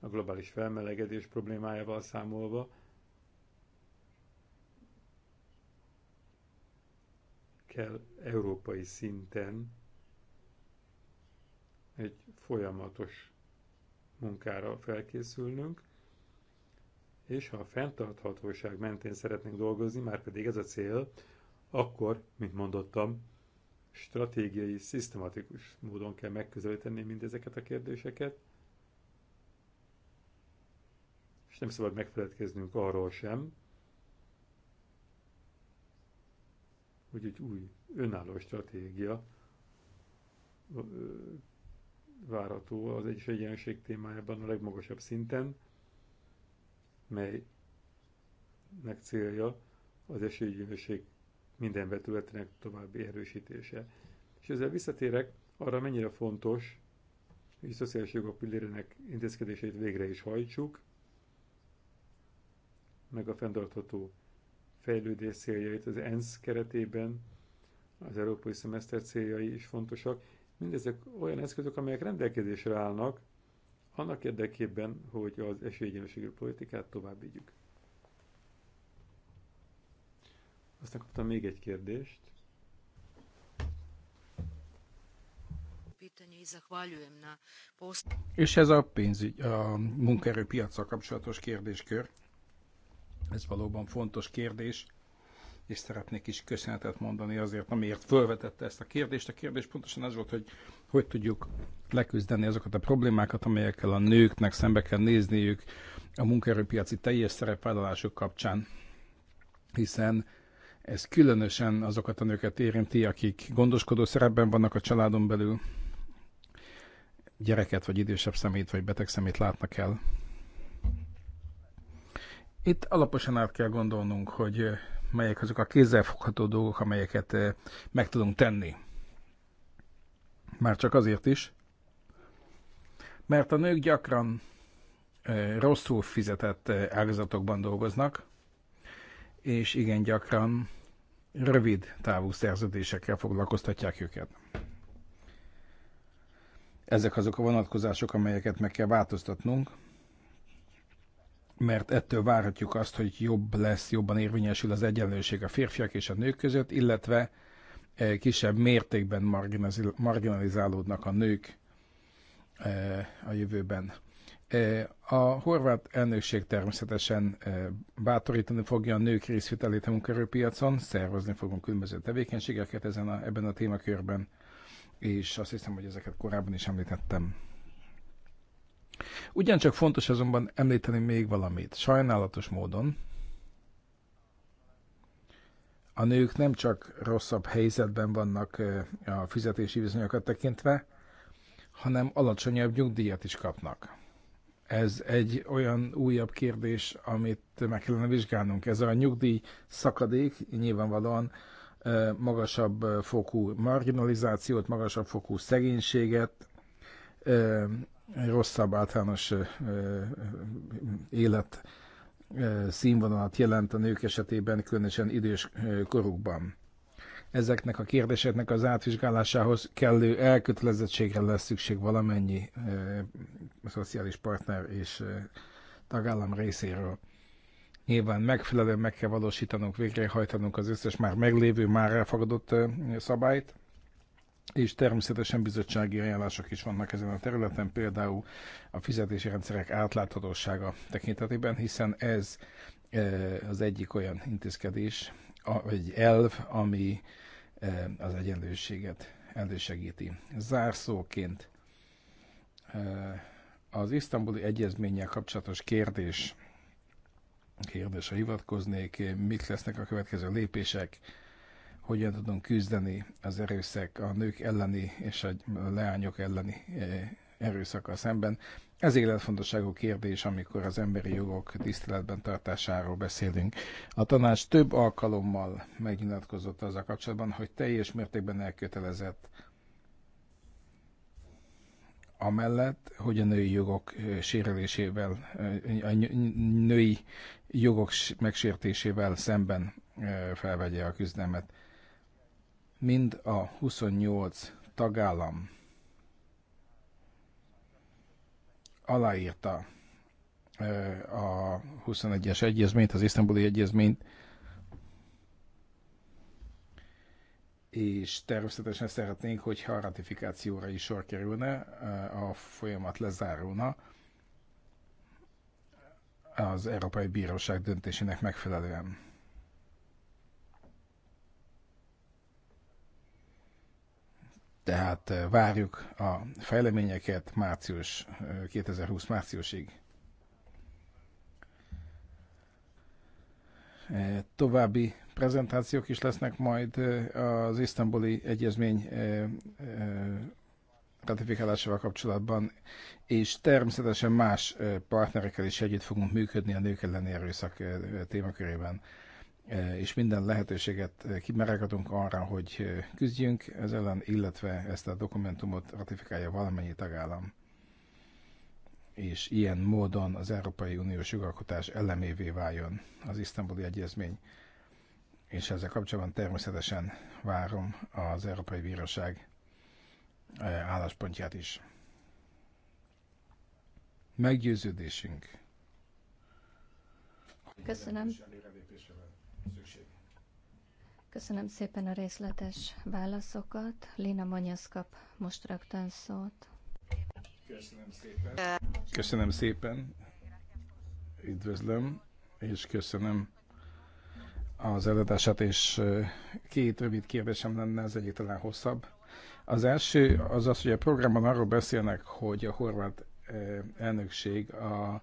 a globális felmelegedés problémájával számolva, kell európai szinten egy folyamatos munkára felkészülnünk, és ha a fenntarthatóság mentén szeretnénk dolgozni, már pedig ez a cél, akkor, mint mondottam, stratégiai, szisztematikus módon kell megközelíteni mindezeket a kérdéseket, és nem szabad megfeledkeznünk arról sem, hogy egy új önálló stratégia várható az egyes egyenség témájában a legmagasabb szinten, melynek célja az esélygyűlösség minden vetületének további erősítése. És ezzel visszatérek arra, mennyire fontos, hogy a szociális jogok pillérének intézkedéseit végre is hajtsuk, meg a fenntartható fejlődés céljait az ENSZ keretében, az európai szemeszter céljai is fontosak. Mindezek olyan eszközök, amelyek rendelkezésre állnak, annak érdekében, hogy az esélyegyenlőségű politikát tovább vigyük. Aztán kaptam még egy kérdést. És ez a pénzügy, a munkaerőpiacsal kapcsolatos kérdéskör. Ez valóban fontos kérdés, és szeretnék is köszönetet mondani azért, amiért felvetette ezt a kérdést. A kérdés pontosan az volt, hogy hogy tudjuk leküzdeni azokat a problémákat, amelyekkel a nőknek szembe kell nézniük a munkaerőpiaci teljes szerepvállalások kapcsán, hiszen ez különösen azokat a nőket érinti, akik gondoskodó szerepben vannak a családon belül, gyereket vagy idősebb szemét vagy beteg szemét látnak el itt alaposan át kell gondolnunk, hogy eh, melyek azok a kézzelfogható dolgok, amelyeket eh, meg tudunk tenni. Már csak azért is, mert a nők gyakran eh, rosszul fizetett ágazatokban dolgoznak, és igen gyakran rövid távú szerződésekkel foglalkoztatják őket. Ezek azok a vonatkozások, amelyeket meg kell változtatnunk, mert ettől várhatjuk azt, hogy jobb lesz, jobban érvényesül az egyenlőség a férfiak és a nők között, illetve eh, kisebb mértékben marginalizálódnak a nők eh, a jövőben. Eh, a horvát elnökség természetesen bátorítani fogja a nők részvételét a munkerőpiacon, szervezni fogunk különböző tevékenységeket ezen a, ebben a témakörben, és azt hiszem, hogy ezeket korábban is említettem. Ugyancsak fontos azonban említeni még valamit. Sajnálatos módon a nők nem csak rosszabb helyzetben vannak a fizetési viszonyokat tekintve, hanem alacsonyabb nyugdíjat is kapnak. Ez egy olyan újabb kérdés, amit meg kellene vizsgálnunk. Ez a nyugdíj szakadék nyilvánvalóan magasabb fokú marginalizációt, magasabb fokú szegénységet egy rosszabb általános élet színvonalat jelent a nők esetében, különösen idős korukban. Ezeknek a kérdéseknek az átvizsgálásához kellő elkötelezettségre lesz szükség valamennyi szociális partner és tagállam részéről. Nyilván megfelelően meg kell valósítanunk, végrehajtanunk az összes már meglévő, már elfogadott szabályt, és természetesen bizottsági ajánlások is vannak ezen a területen, például a fizetési rendszerek átláthatósága tekintetében, hiszen ez e, az egyik olyan intézkedés, vagy elv, ami e, az egyenlőséget elősegíti. Zárszóként e, az isztambuli egyezménnyel kapcsolatos kérdés kérdésre hivatkoznék, mik lesznek a következő lépések, hogyan tudunk küzdeni az erőszak, a nők elleni és a leányok elleni e, erőszakkal szemben. Ez életfontosságú kérdés, amikor az emberi jogok tiszteletben tartásáról beszélünk. A tanács több alkalommal megnyilatkozott azzal kapcsolatban, hogy teljes mértékben elkötelezett amellett, hogy a női jogok e, sérülésével, e, a női jogok megsértésével szemben felvegye a küzdelmet mind a 28 tagállam aláírta a 21-es egyezményt, az isztambuli egyezményt, és természetesen szeretnénk, hogyha a ratifikációra is sor kerülne, a folyamat lezárulna az Európai Bíróság döntésének megfelelően. Tehát eh, várjuk a fejleményeket március 2020 eh, márciusig. Eh, további prezentációk is lesznek majd az isztambuli egyezmény ratifikálásával kapcsolatban, és természetesen más partnerekkel is együtt fogunk működni a nők elleni erőszak témakörében. E, és minden lehetőséget e, kimeregadunk arra, hogy e, küzdjünk ez ellen, illetve ezt a dokumentumot ratifikálja valamennyi tagállam. És ilyen módon az Európai Uniós jogalkotás elemévé váljon az isztambuli egyezmény. És ezzel kapcsolatban természetesen várom az Európai Bíróság álláspontját is. Meggyőződésünk. Köszönöm szükség. Köszönöm szépen a részletes válaszokat. Lina Manyasz kap most rögtön szót. Köszönöm szépen. Köszönöm szépen. Üdvözlöm, és köszönöm az előadását, és két rövid kérdésem lenne, az egyik talán hosszabb. Az első az az, hogy a programban arról beszélnek, hogy a horvát elnökség a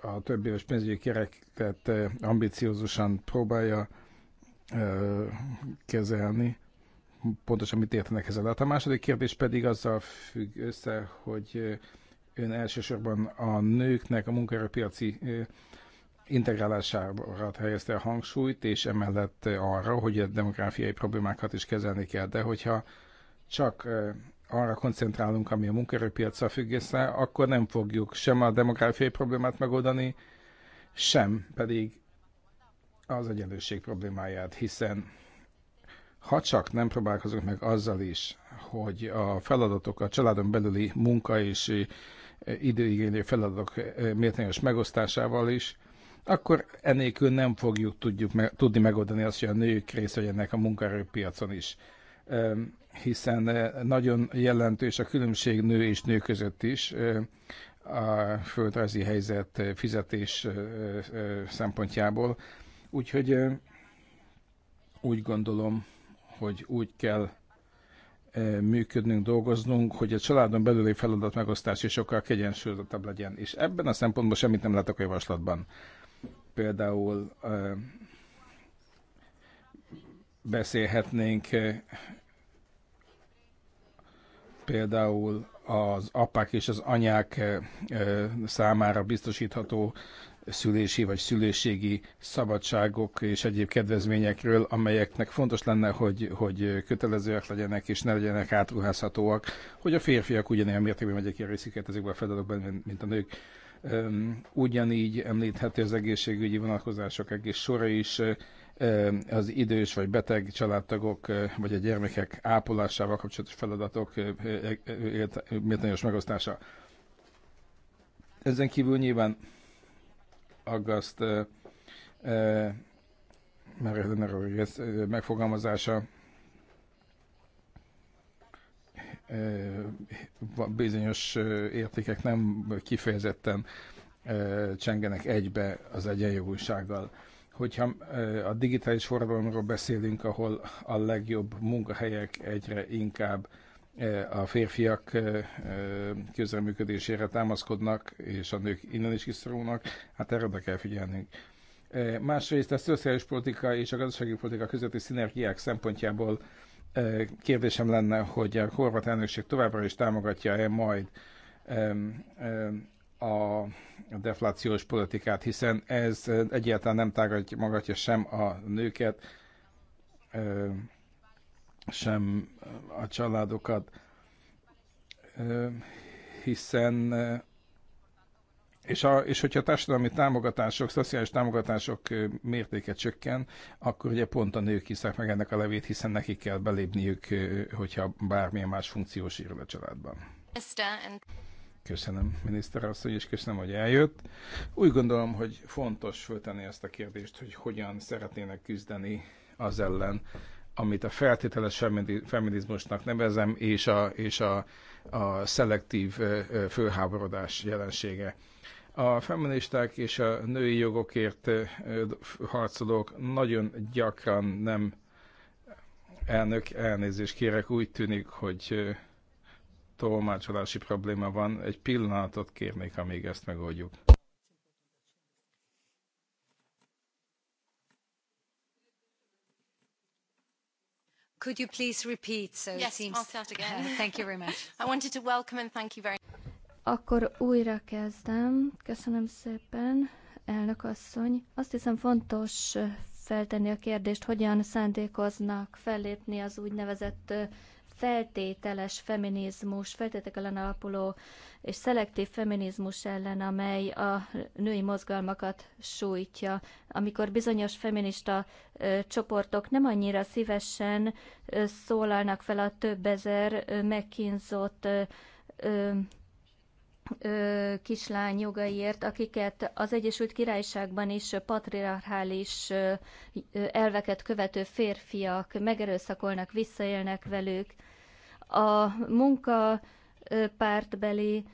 a több éves pénzügyi kereket eh, ambiciózusan próbálja eh, kezelni. Pontosan mit értenek ezzel? Hát a második kérdés pedig azzal függ össze, hogy eh, ön elsősorban a nőknek a munkaerőpiaci integrálására helyezte a hangsúlyt, és emellett arra, hogy a demográfiai problémákat is kezelni kell. De hogyha csak arra koncentrálunk, ami a munkaerőpiacra függ össze, akkor nem fogjuk sem a demográfiai problémát megoldani, sem pedig az egyenlőség problémáját, hiszen ha csak nem próbálkozunk meg azzal is, hogy a feladatok, a családon belüli munka és időigénylő feladatok méltányos megosztásával is, akkor enélkül nem fogjuk tudjuk me- tudni megoldani azt, hogy a nők részt vegyenek a munkaerőpiacon is hiszen eh, nagyon jelentős a különbség nő és nő között is eh, a földrajzi helyzet eh, fizetés szempontjából. Úgyhogy úgy gondolom, hogy úgy kell működnünk, dolgoznunk, hogy a családon belüli feladat megosztás is sokkal kegyensúlyozottabb legyen. És ebben a szempontból semmit nem látok a javaslatban. Például beszélhetnénk például az apák és az anyák eh, eh, számára biztosítható szülési vagy szülőségi szabadságok és egyéb kedvezményekről, amelyeknek fontos lenne, hogy, hogy kötelezőek legyenek és ne legyenek átruházhatóak, hogy a férfiak ugyanilyen mértékben megyek ki részüket ezekben a feladatokban, mint a nők. Ugyanígy említhető az egészségügyi vonatkozások egész sora is, eh, az idős vagy beteg családtagok vagy a gyermekek ápolásával kapcsolatos feladatok méltányos megosztása. Ezen kívül nyilván aggaszt Mariana ez megfogalmazása bizonyos értékek nem kifejezetten csengenek egybe az egyenjogúsággal hogyha a digitális forradalomról beszélünk, ahol a legjobb munkahelyek egyre inkább a férfiak közreműködésére támaszkodnak, és a nők innen is kiszorulnak, hát erre be kell figyelnünk. Másrészt a szociális politika és a gazdasági politika közötti szinergiák szempontjából kérdésem lenne, hogy a horvát elnökség továbbra is támogatja-e majd a deflációs politikát, hiszen ez egyáltalán nem tágatja magatja sem a nőket, sem a családokat, hiszen és, a, és hogyha a társadalmi támogatások, szociális támogatások mértéke csökken, akkor ugye pont a nők hiszek meg ennek a levét, hiszen nekik kell belépniük, hogyha bármilyen más funkciós ír a családban. Köszönöm, miniszter asszony, és köszönöm, hogy eljött. Úgy gondolom, hogy fontos föltenni ezt a kérdést, hogy hogyan szeretnének küzdeni az ellen, amit a feltételes feminizmusnak nevezem, és a, és a, a szelektív fölháborodás jelensége. A feministák és a női jogokért harcolók nagyon gyakran nem elnök elnézést kérek, úgy tűnik, hogy tolmácsolási probléma van. Egy pillanatot kérnék, amíg ezt megoldjuk. Could you please repeat? So yes, it seems... I'll start again. [LAUGHS] thank you very much. [LAUGHS] I wanted to welcome and thank you very Akkor újra kezdem. Köszönöm szépen, elnök asszony. Azt hiszem fontos feltenni a kérdést, hogyan szándékoznak fellépni az úgynevezett feltételes feminizmus, ellen alapuló és szelektív feminizmus ellen, amely a női mozgalmakat sújtja. Amikor bizonyos feminista ö, csoportok nem annyira szívesen ö, szólalnak fel a több ezer ö, megkínzott ö, ö, ö, kislány jogaiért, akiket az Egyesült Királyságban is patriarchális elveket követő férfiak megerőszakolnak, visszaélnek velük a munkapártbeli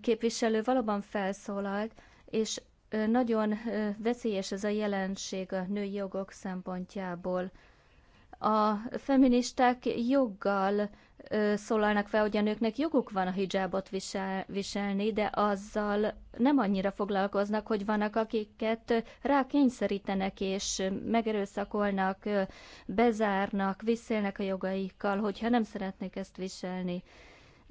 képviselő valóban felszólalt, és nagyon veszélyes ez a jelenség a női jogok szempontjából. A feministák joggal szólalnak fel, hogy a nőknek joguk van a hijábot visel, viselni, de azzal nem annyira foglalkoznak, hogy vannak, akiket rá kényszerítenek és megerőszakolnak, bezárnak, visszélnek a jogaikkal, hogyha nem szeretnék ezt viselni.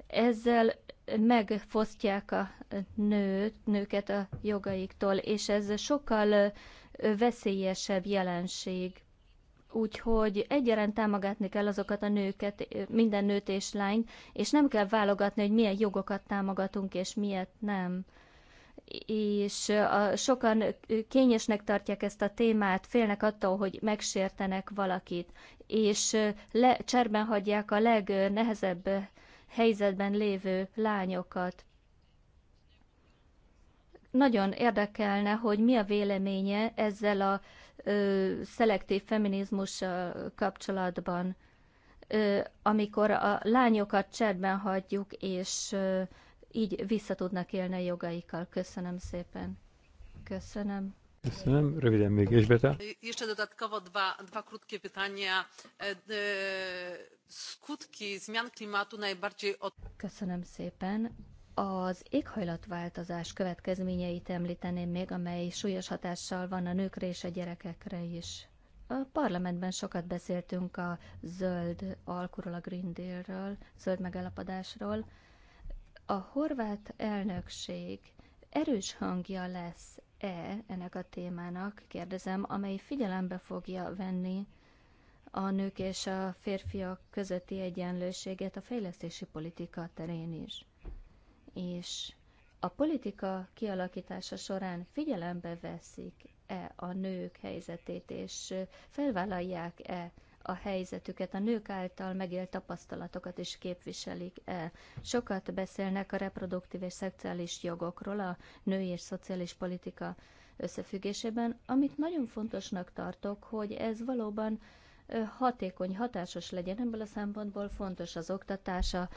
Ezzel megfosztják a nőt, nőket a jogaiktól, és ez sokkal veszélyesebb jelenség. Úgyhogy egyaránt támogatni kell azokat a nőket, minden nőt és lányt, és nem kell válogatni, hogy milyen jogokat támogatunk, és miért nem. És a, sokan kényesnek tartják ezt a témát, félnek attól, hogy megsértenek valakit, és le, cserben hagyják a legnehezebb helyzetben lévő lányokat nagyon érdekelne, hogy mi a véleménye ezzel a ö, szelektív feminizmussal kapcsolatban, ö, amikor a lányokat cserben hagyjuk, és ö, így vissza tudnak élni a jogaikkal. Köszönöm szépen. Köszönöm. Köszönöm. Röviden még Isbeta. Jeszcze dodatkowo dwa, dwa krótkie pytania. E, e, skutki zmian klimatu najbardziej... Od... Köszönöm szépen. Az éghajlatváltozás következményeit említeném még, amely súlyos hatással van a nőkre és a gyerekekre is. A parlamentben sokat beszéltünk a zöld alkuról, a Green Deal-ről, zöld megállapodásról. A horvát elnökség erős hangja lesz-e ennek a témának, kérdezem, amely figyelembe fogja venni a nők és a férfiak közötti egyenlőséget a fejlesztési politika terén is és a politika kialakítása során figyelembe veszik-e a nők helyzetét, és felvállalják-e a helyzetüket, a nők által megélt tapasztalatokat is képviselik e. Sokat beszélnek a reproduktív és szexuális jogokról a női és szociális politika összefüggésében, amit nagyon fontosnak tartok, hogy ez valóban hatékony, hatásos legyen, ebből a szempontból fontos az oktatása,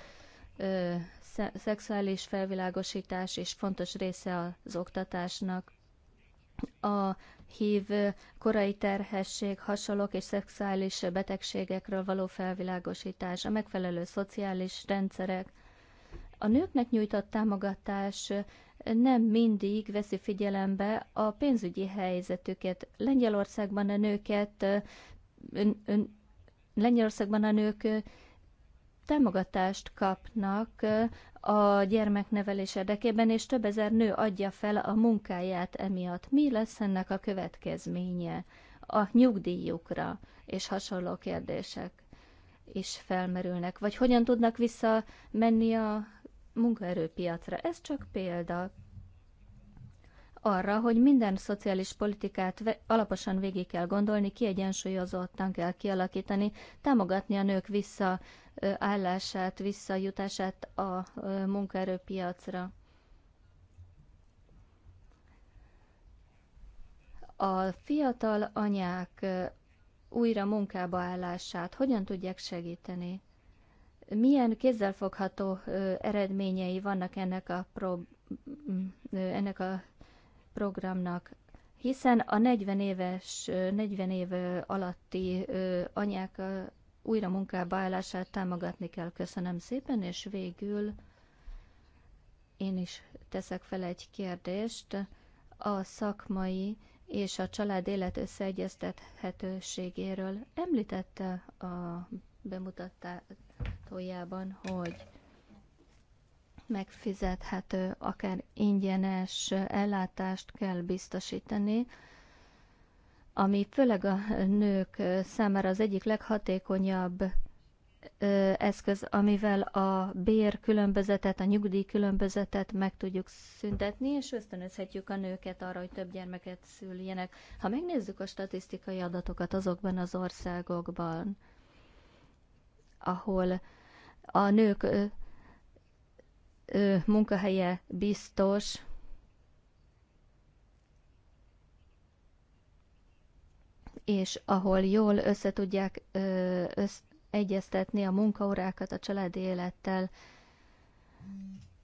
ö, szexuális felvilágosítás és fontos része az oktatásnak. A hív korai terhesség, hasalok és szexuális betegségekről való felvilágosítás, a megfelelő szociális rendszerek. A nőknek nyújtott támogatás nem mindig veszi figyelembe a pénzügyi helyzetüket. Lengyelországban a nőket ön, ön, Lengyelországban a nők támogatást kapnak a gyermeknevelés érdekében, és több ezer nő adja fel a munkáját emiatt. Mi lesz ennek a következménye a nyugdíjukra, és hasonló kérdések is felmerülnek, vagy hogyan tudnak visszamenni a munkaerőpiacra. Ez csak példa arra, hogy minden szociális politikát alaposan végig kell gondolni, kiegyensúlyozottan kell kialakítani, támogatni a nők visszaállását, visszajutását a munkaerőpiacra. A fiatal anyák újra munkába állását hogyan tudják segíteni? Milyen kézzelfogható eredményei vannak ennek a, pro, ennek a programnak, hiszen a 40 éves, 40 év alatti anyák újra munkába állását támogatni kell. Köszönöm szépen, és végül én is teszek fel egy kérdést. A szakmai és a család élet összeegyeztethetőségéről említette a bemutatójában, hogy megfizethető, akár ingyenes ellátást kell biztosítani, ami főleg a nők számára az egyik leghatékonyabb eszköz, amivel a bér különbözetet, a nyugdíj különbözetet meg tudjuk szüntetni, és ösztönözhetjük a nőket arra, hogy több gyermeket szüljenek. Ha megnézzük a statisztikai adatokat azokban az országokban, ahol a nők munkahelye biztos, és ahol jól összetudják össz, egyeztetni a munkaórákat a családi élettel.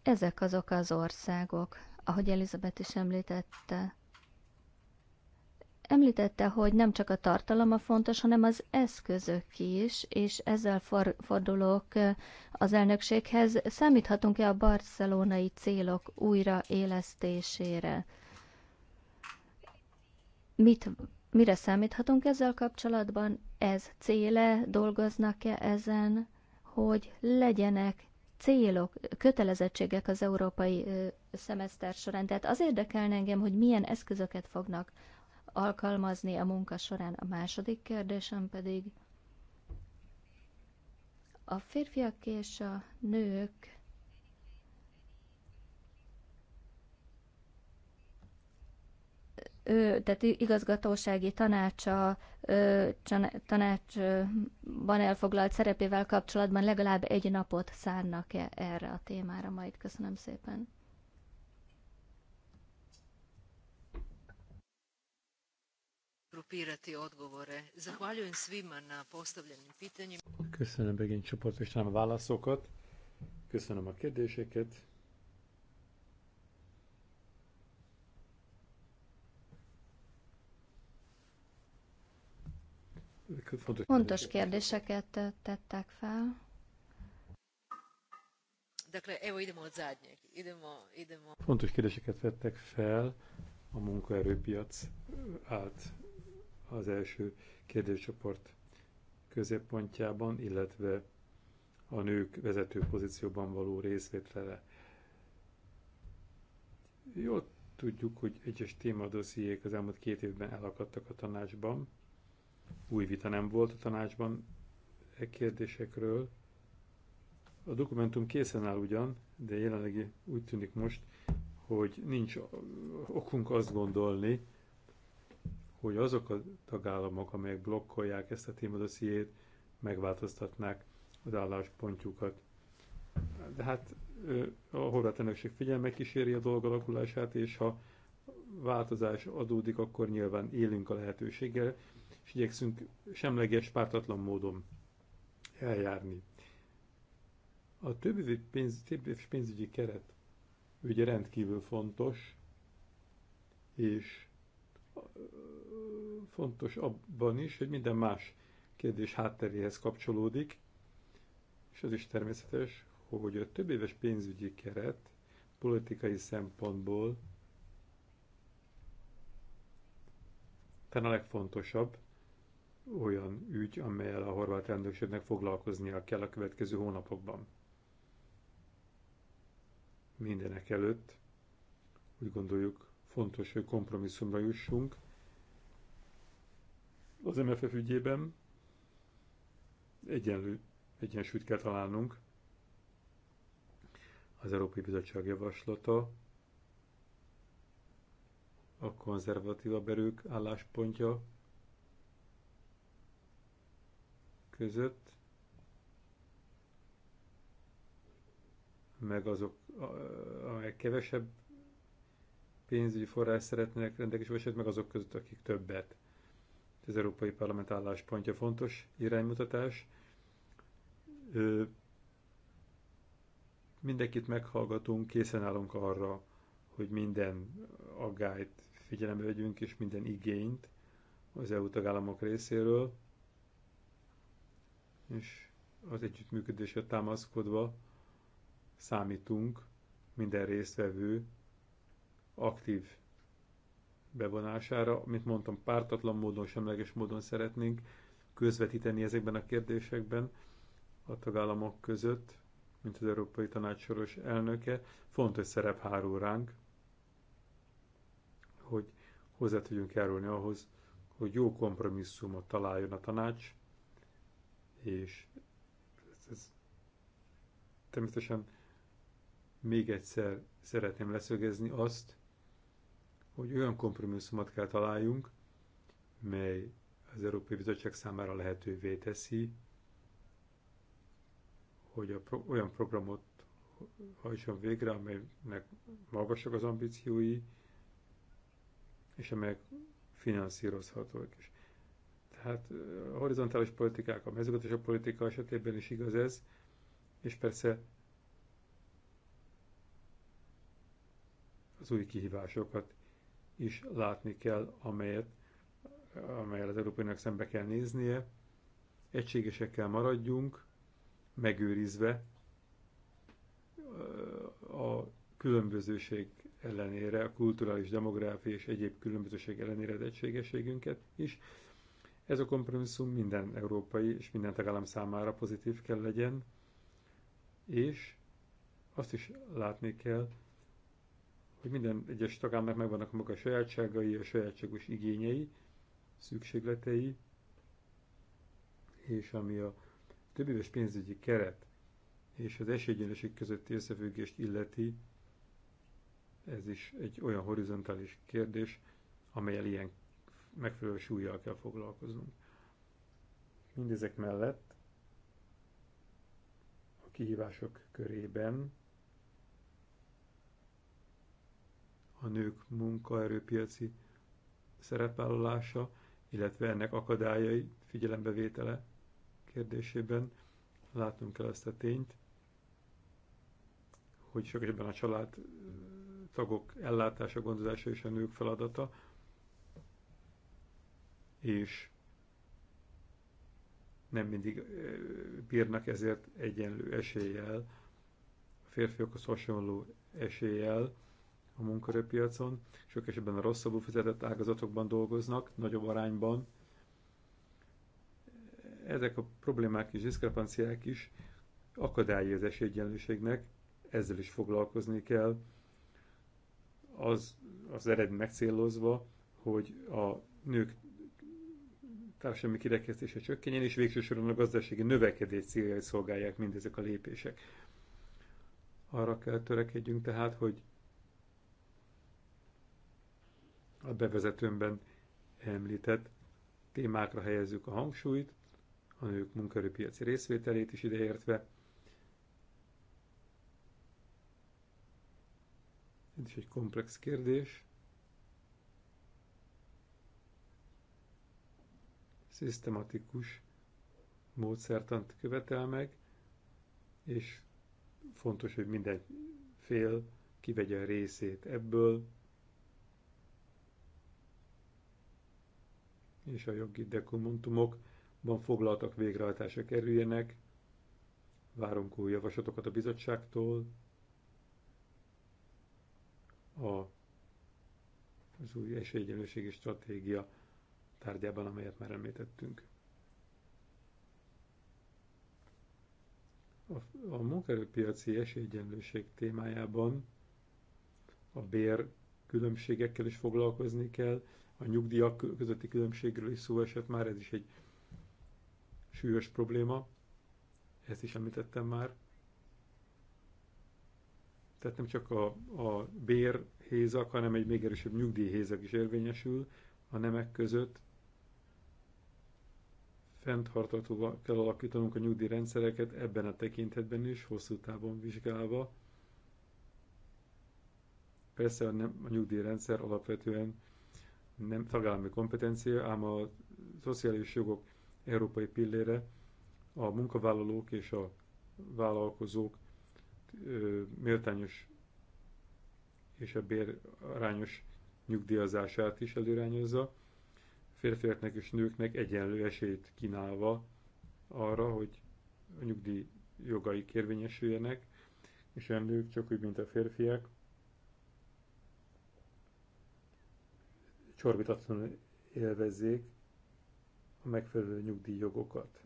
Ezek azok az országok, ahogy Elizabeth is említette. Említette, hogy nem csak a tartalom a fontos, hanem az eszközök is, és ezzel for- fordulok az elnökséghez. Számíthatunk-e a barcelonai célok újraélesztésére? Mit, mire számíthatunk ezzel kapcsolatban? Ez céle? Dolgoznak-e ezen, hogy legyenek célok, kötelezettségek az európai ö, szemeszter során. Tehát az érdekelne engem, hogy milyen eszközöket fognak alkalmazni a munka során. A második kérdésem pedig, a férfiak és a nők ő, tehát igazgatósági tanácsa, tanácsban elfoglalt szerepével kapcsolatban legalább egy napot szárnak -e erre a témára majd. Köszönöm szépen. grupirati odgovore. Zahvaljujem svima na postavljenim pitanjima. Köszönöm megint csoportosítanom a válaszokat. Köszönöm a kérdéseket. Fontos, Fontos kérdéseket tettek fel. Dakle, evo idemo od zadnjeg. Idemo, idemo. Fontos kérdéseket vettek fel a munkaerőpiac át az első kérdéscsoport középpontjában, illetve a nők vezető pozícióban való részvétele. Jól tudjuk, hogy egyes témadossziék az elmúlt két évben elakadtak a tanácsban. Új vita nem volt a tanácsban e kérdésekről. A dokumentum készen áll ugyan, de jelenleg úgy tűnik most, hogy nincs okunk azt gondolni, hogy azok a tagállamok, amelyek blokkolják ezt a témadossziét, megváltoztatnák az álláspontjukat. De hát a horvát elnökség figyelme kíséri a dolg alakulását, és ha változás adódik, akkor nyilván élünk a lehetőséggel, és igyekszünk semleges, pártatlan módon eljárni. A többi pénz, többi pénzügyi keret ugye rendkívül fontos, és fontos abban is, hogy minden más kérdés hátteréhez kapcsolódik, és az is természetes, hogy a több éves pénzügyi keret politikai szempontból talán a legfontosabb olyan ügy, amelyel a horvát elnökségnek foglalkoznia kell a következő hónapokban. Mindenek előtt úgy gondoljuk, fontos, hogy kompromisszumra jussunk, az MFF ügyében egyenlő egyensúlyt kell találnunk. Az Európai Bizottság javaslata, a konzervatívabb erők álláspontja között, meg azok, amelyek kevesebb pénzügyi forrás szeretnének rendelkezésre, meg azok között, akik többet az Európai Parlament álláspontja fontos iránymutatás. mindenkit meghallgatunk, készen állunk arra, hogy minden aggályt figyelembe vegyünk, és minden igényt az EU tagállamok részéről, és az együttműködésre támaszkodva számítunk minden résztvevő aktív bevonására, mint mondtam, pártatlan módon, semleges módon szeretnénk közvetíteni ezekben a kérdésekben a tagállamok között, mint az Európai Tanács soros elnöke. Fontos szerep hárul ránk, hogy hozzá tudjunk járulni ahhoz, hogy jó kompromisszumot találjon a tanács, és ez, ez természetesen még egyszer szeretném leszögezni azt, hogy olyan kompromisszumot kell találjunk, mely az Európai Bizottság számára lehetővé teszi, hogy a pro, olyan programot hajtson végre, amelynek magasak az ambíciói, és amelyek finanszírozhatóak is. Tehát a horizontális politikák, a mezőgazdaság politika esetében is igaz ez, és persze az új kihívásokat is látni kell, amelyet, amelyet az európai Uniónak szembe kell néznie. Egységesekkel maradjunk, megőrizve a különbözőség ellenére, a kulturális, demográfiai és egyéb különbözőség ellenére az egységességünket is. Ez a kompromisszum minden európai és minden tagállam számára pozitív kell legyen, és azt is látni kell, hogy minden egyes tagállamnak megvannak maga a sajátságai, a sajátságos igényei, szükségletei, és ami a éves pénzügyi keret és az esélyegyenlőség közötti összefüggést illeti, ez is egy olyan horizontális kérdés, amelyel ilyen megfelelő súlyjal kell foglalkoznunk. Mindezek mellett a kihívások körében a nők munkaerőpiaci szerepvállalása, illetve ennek akadályai figyelembevétele kérdésében látnunk kell ezt a tényt, hogy sok esetben a család tagok ellátása, gondozása és a nők feladata, és nem mindig bírnak ezért egyenlő eséllyel, a férfiakhoz hasonló eséllyel a munkaerőpiacon, sok esetben a rosszabbul fizetett ágazatokban dolgoznak, nagyobb arányban. Ezek a problémák és diszkrepanciák is akadályi az esélyegyenlőségnek, ezzel is foglalkozni kell, az, az eredmény megcélozva, hogy a nők társadalmi kirekesztése csökkenjen, és végső soron a gazdasági növekedés céljait szolgálják mindezek a lépések. Arra kell törekedjünk tehát, hogy a bevezetőmben említett témákra helyezzük a hangsúlyt, a nők munkaerőpiaci részvételét is ideértve. Ez is egy komplex kérdés. Szisztematikus módszertant követel meg, és fontos, hogy minden fél kivegye a részét ebből, és a jogi dokumentumokban foglaltak végrehajtásra kerüljenek. Várunk új javaslatokat a bizottságtól. A, az új esélyegyenlőségi stratégia tárgyában, amelyet már említettünk. A, a munkaerőpiaci esélyegyenlőség témájában a bér különbségekkel is foglalkozni kell, a nyugdíjak közötti különbségről is szó esett már, ez is egy súlyos probléma, ezt is említettem már. Tehát nem csak a, a bérhézak, hanem egy még erősebb nyugdíjhézak is érvényesül a nemek között. Fenntartatóval kell alakítanunk a nyugdíjrendszereket ebben a tekintetben is, hosszú távon vizsgálva. Persze a, nem, a nyugdíjrendszer alapvetően nem tagállami kompetencia, ám a szociális jogok európai pillére a munkavállalók és a vállalkozók méltányos és a bérarányos nyugdíjazását is előrányozza, férfiaknak és nőknek egyenlő esélyt kínálva arra, hogy a nyugdíj jogai kérvényesüljenek, és a nők csak úgy, mint a férfiak, csorbitatlanul élvezzék a megfelelő nyugdíjjogokat.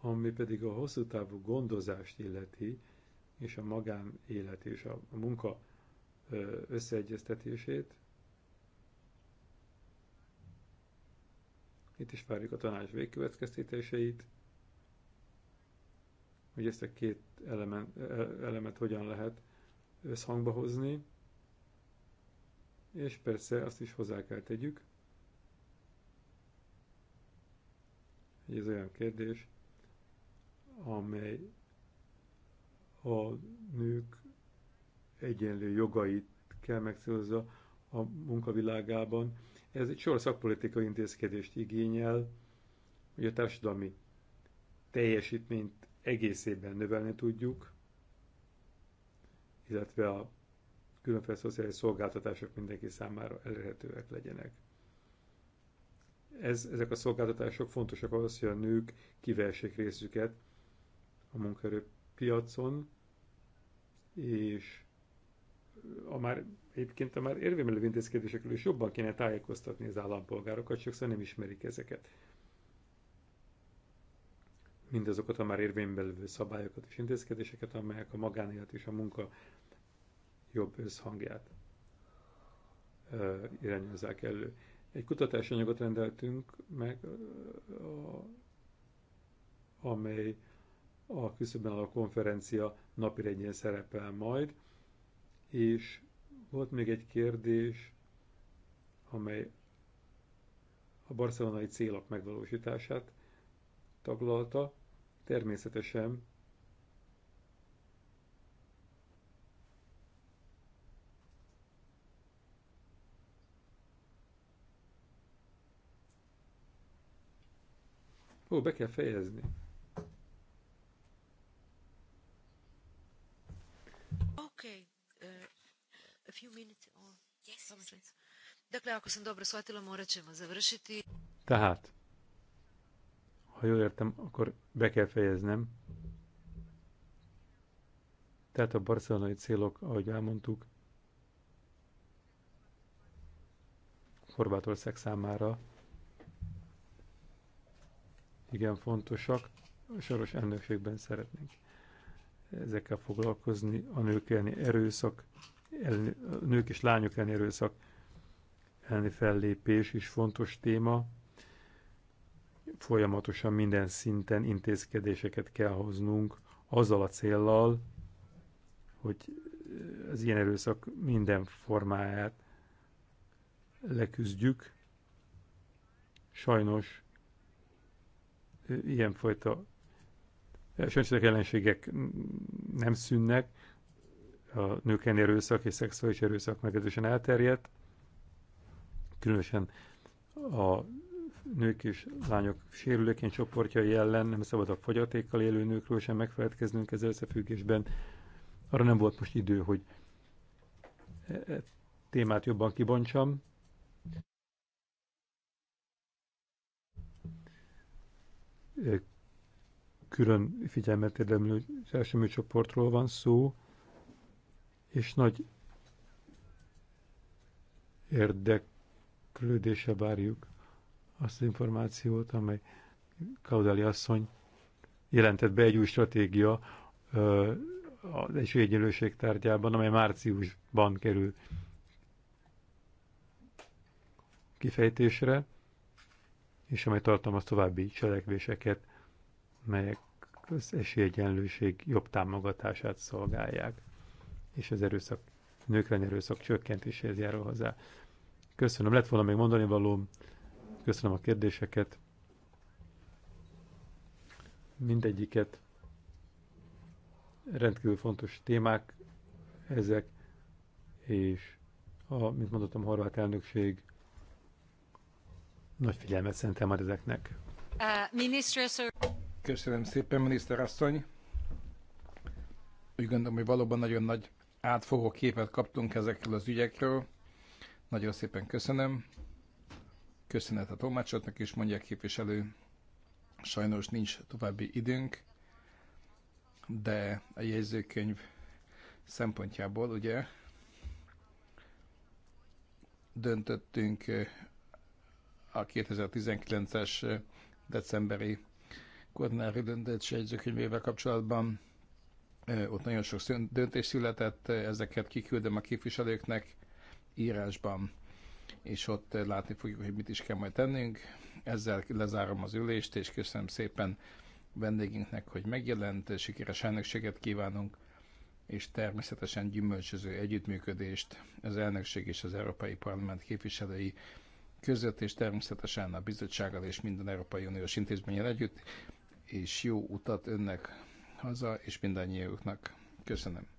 Ami pedig a hosszú távú gondozást illeti, és a magánélet és a munka összeegyeztetését, itt is várjuk a tanács végkövetkeztetéseit, hogy ezt a két elemen, e, elemet hogyan lehet összhangba hozni, és persze azt is hozzá kell tegyük, hogy ez olyan kérdés, amely a nők egyenlő jogait kell megszólozza a munkavilágában. Ez egy sor szakpolitikai intézkedést igényel, hogy a társadalmi teljesítményt egészében növelni tudjuk, illetve a különféle szociális szolgáltatások mindenki számára elérhetőek legyenek. Ez, ezek a szolgáltatások fontosak ahhoz, hogy a nők kivessék részüket a munkaerőpiacon, és a már egyébként a már érvényelő intézkedésekről is jobban kéne tájékoztatni az állampolgárokat, sokszor nem ismerik ezeket mindazokat a már érvényben lévő szabályokat és intézkedéseket, amelyek a magánélet és a munka jobb összhangját irányozzák elő. Egy kutatásanyagot rendeltünk meg, a, amely a küszöbben a konferencia napirendjén szerepel majd, és volt még egy kérdés, amely a barcelonai célok megvalósítását taglalta. Természetesen Ó, be kell fejezni. Okay. Uh, a few minutes or... Oh, yes. Dakle, ako sam dobro shvatila, morat ćemo završiti. Tehát, ha jól értem, akkor be kell fejeznem. Tehát a barcelonai célok, ahogy elmondtuk, Horvátország számára igen fontosak. A soros elnökségben szeretnénk ezekkel foglalkozni, a nők elleni erőszak, elleni, a nők és lányok elleni erőszak elleni fellépés is fontos téma folyamatosan minden szinten intézkedéseket kell hoznunk azzal a céllal, hogy az ilyen erőszak minden formáját leküzdjük. Sajnos ilyenfajta sajnos ellenségek nem szűnnek, a nők erőszak és szexuális erőszak meglehetősen elterjedt, különösen a nők és lányok sérülékeny csoportjai ellen, nem szabad a fogyatékkal élő nőkről sem megfelelkeznünk ezzel összefüggésben. Arra nem volt most idő, hogy e, e témát jobban kibontsam. E, külön figyelmet érdemlő első csoportról van szó, és nagy érdeklődése várjuk azt az információt, amely Kaudali asszony jelentett be egy új stratégia az esélyegyenlőség tárgyában, amely márciusban kerül kifejtésre, és amely tartalmaz további cselekvéseket, melyek az esélyegyenlőség jobb támogatását szolgálják, és az erőszak, nőklen erőszak csökkentéséhez járul hozzá. Köszönöm, lett volna még mondani valóm, Köszönöm a kérdéseket. Mindegyiket rendkívül fontos témák ezek, és a, mint mondottam, horvát elnökség nagy figyelmet szentel már ezeknek. Uh, köszönöm szépen, miniszterasszony. Úgy gondolom, hogy valóban nagyon nagy átfogó képet kaptunk ezekről az ügyekről. Nagyon szépen köszönöm. Köszönet a tolmácsoknak is, mondják képviselő. Sajnos nincs további időnk, de a jegyzőkönyv szempontjából ugye döntöttünk a 2019-es decemberi koordinári döntés jegyzőkönyvével kapcsolatban. Ott nagyon sok döntés született, ezeket kiküldöm a képviselőknek írásban és ott látni fogjuk, hogy mit is kell majd tennünk. Ezzel lezárom az ülést, és köszönöm szépen vendégünknek, hogy megjelent, sikeres elnökséget kívánunk, és természetesen gyümölcsöző együttműködést az elnökség és az Európai Parlament képviselői között, és természetesen a bizottsággal és minden Európai Uniós intézményen együtt, és jó utat önnek haza, és mindannyiuknak. Köszönöm.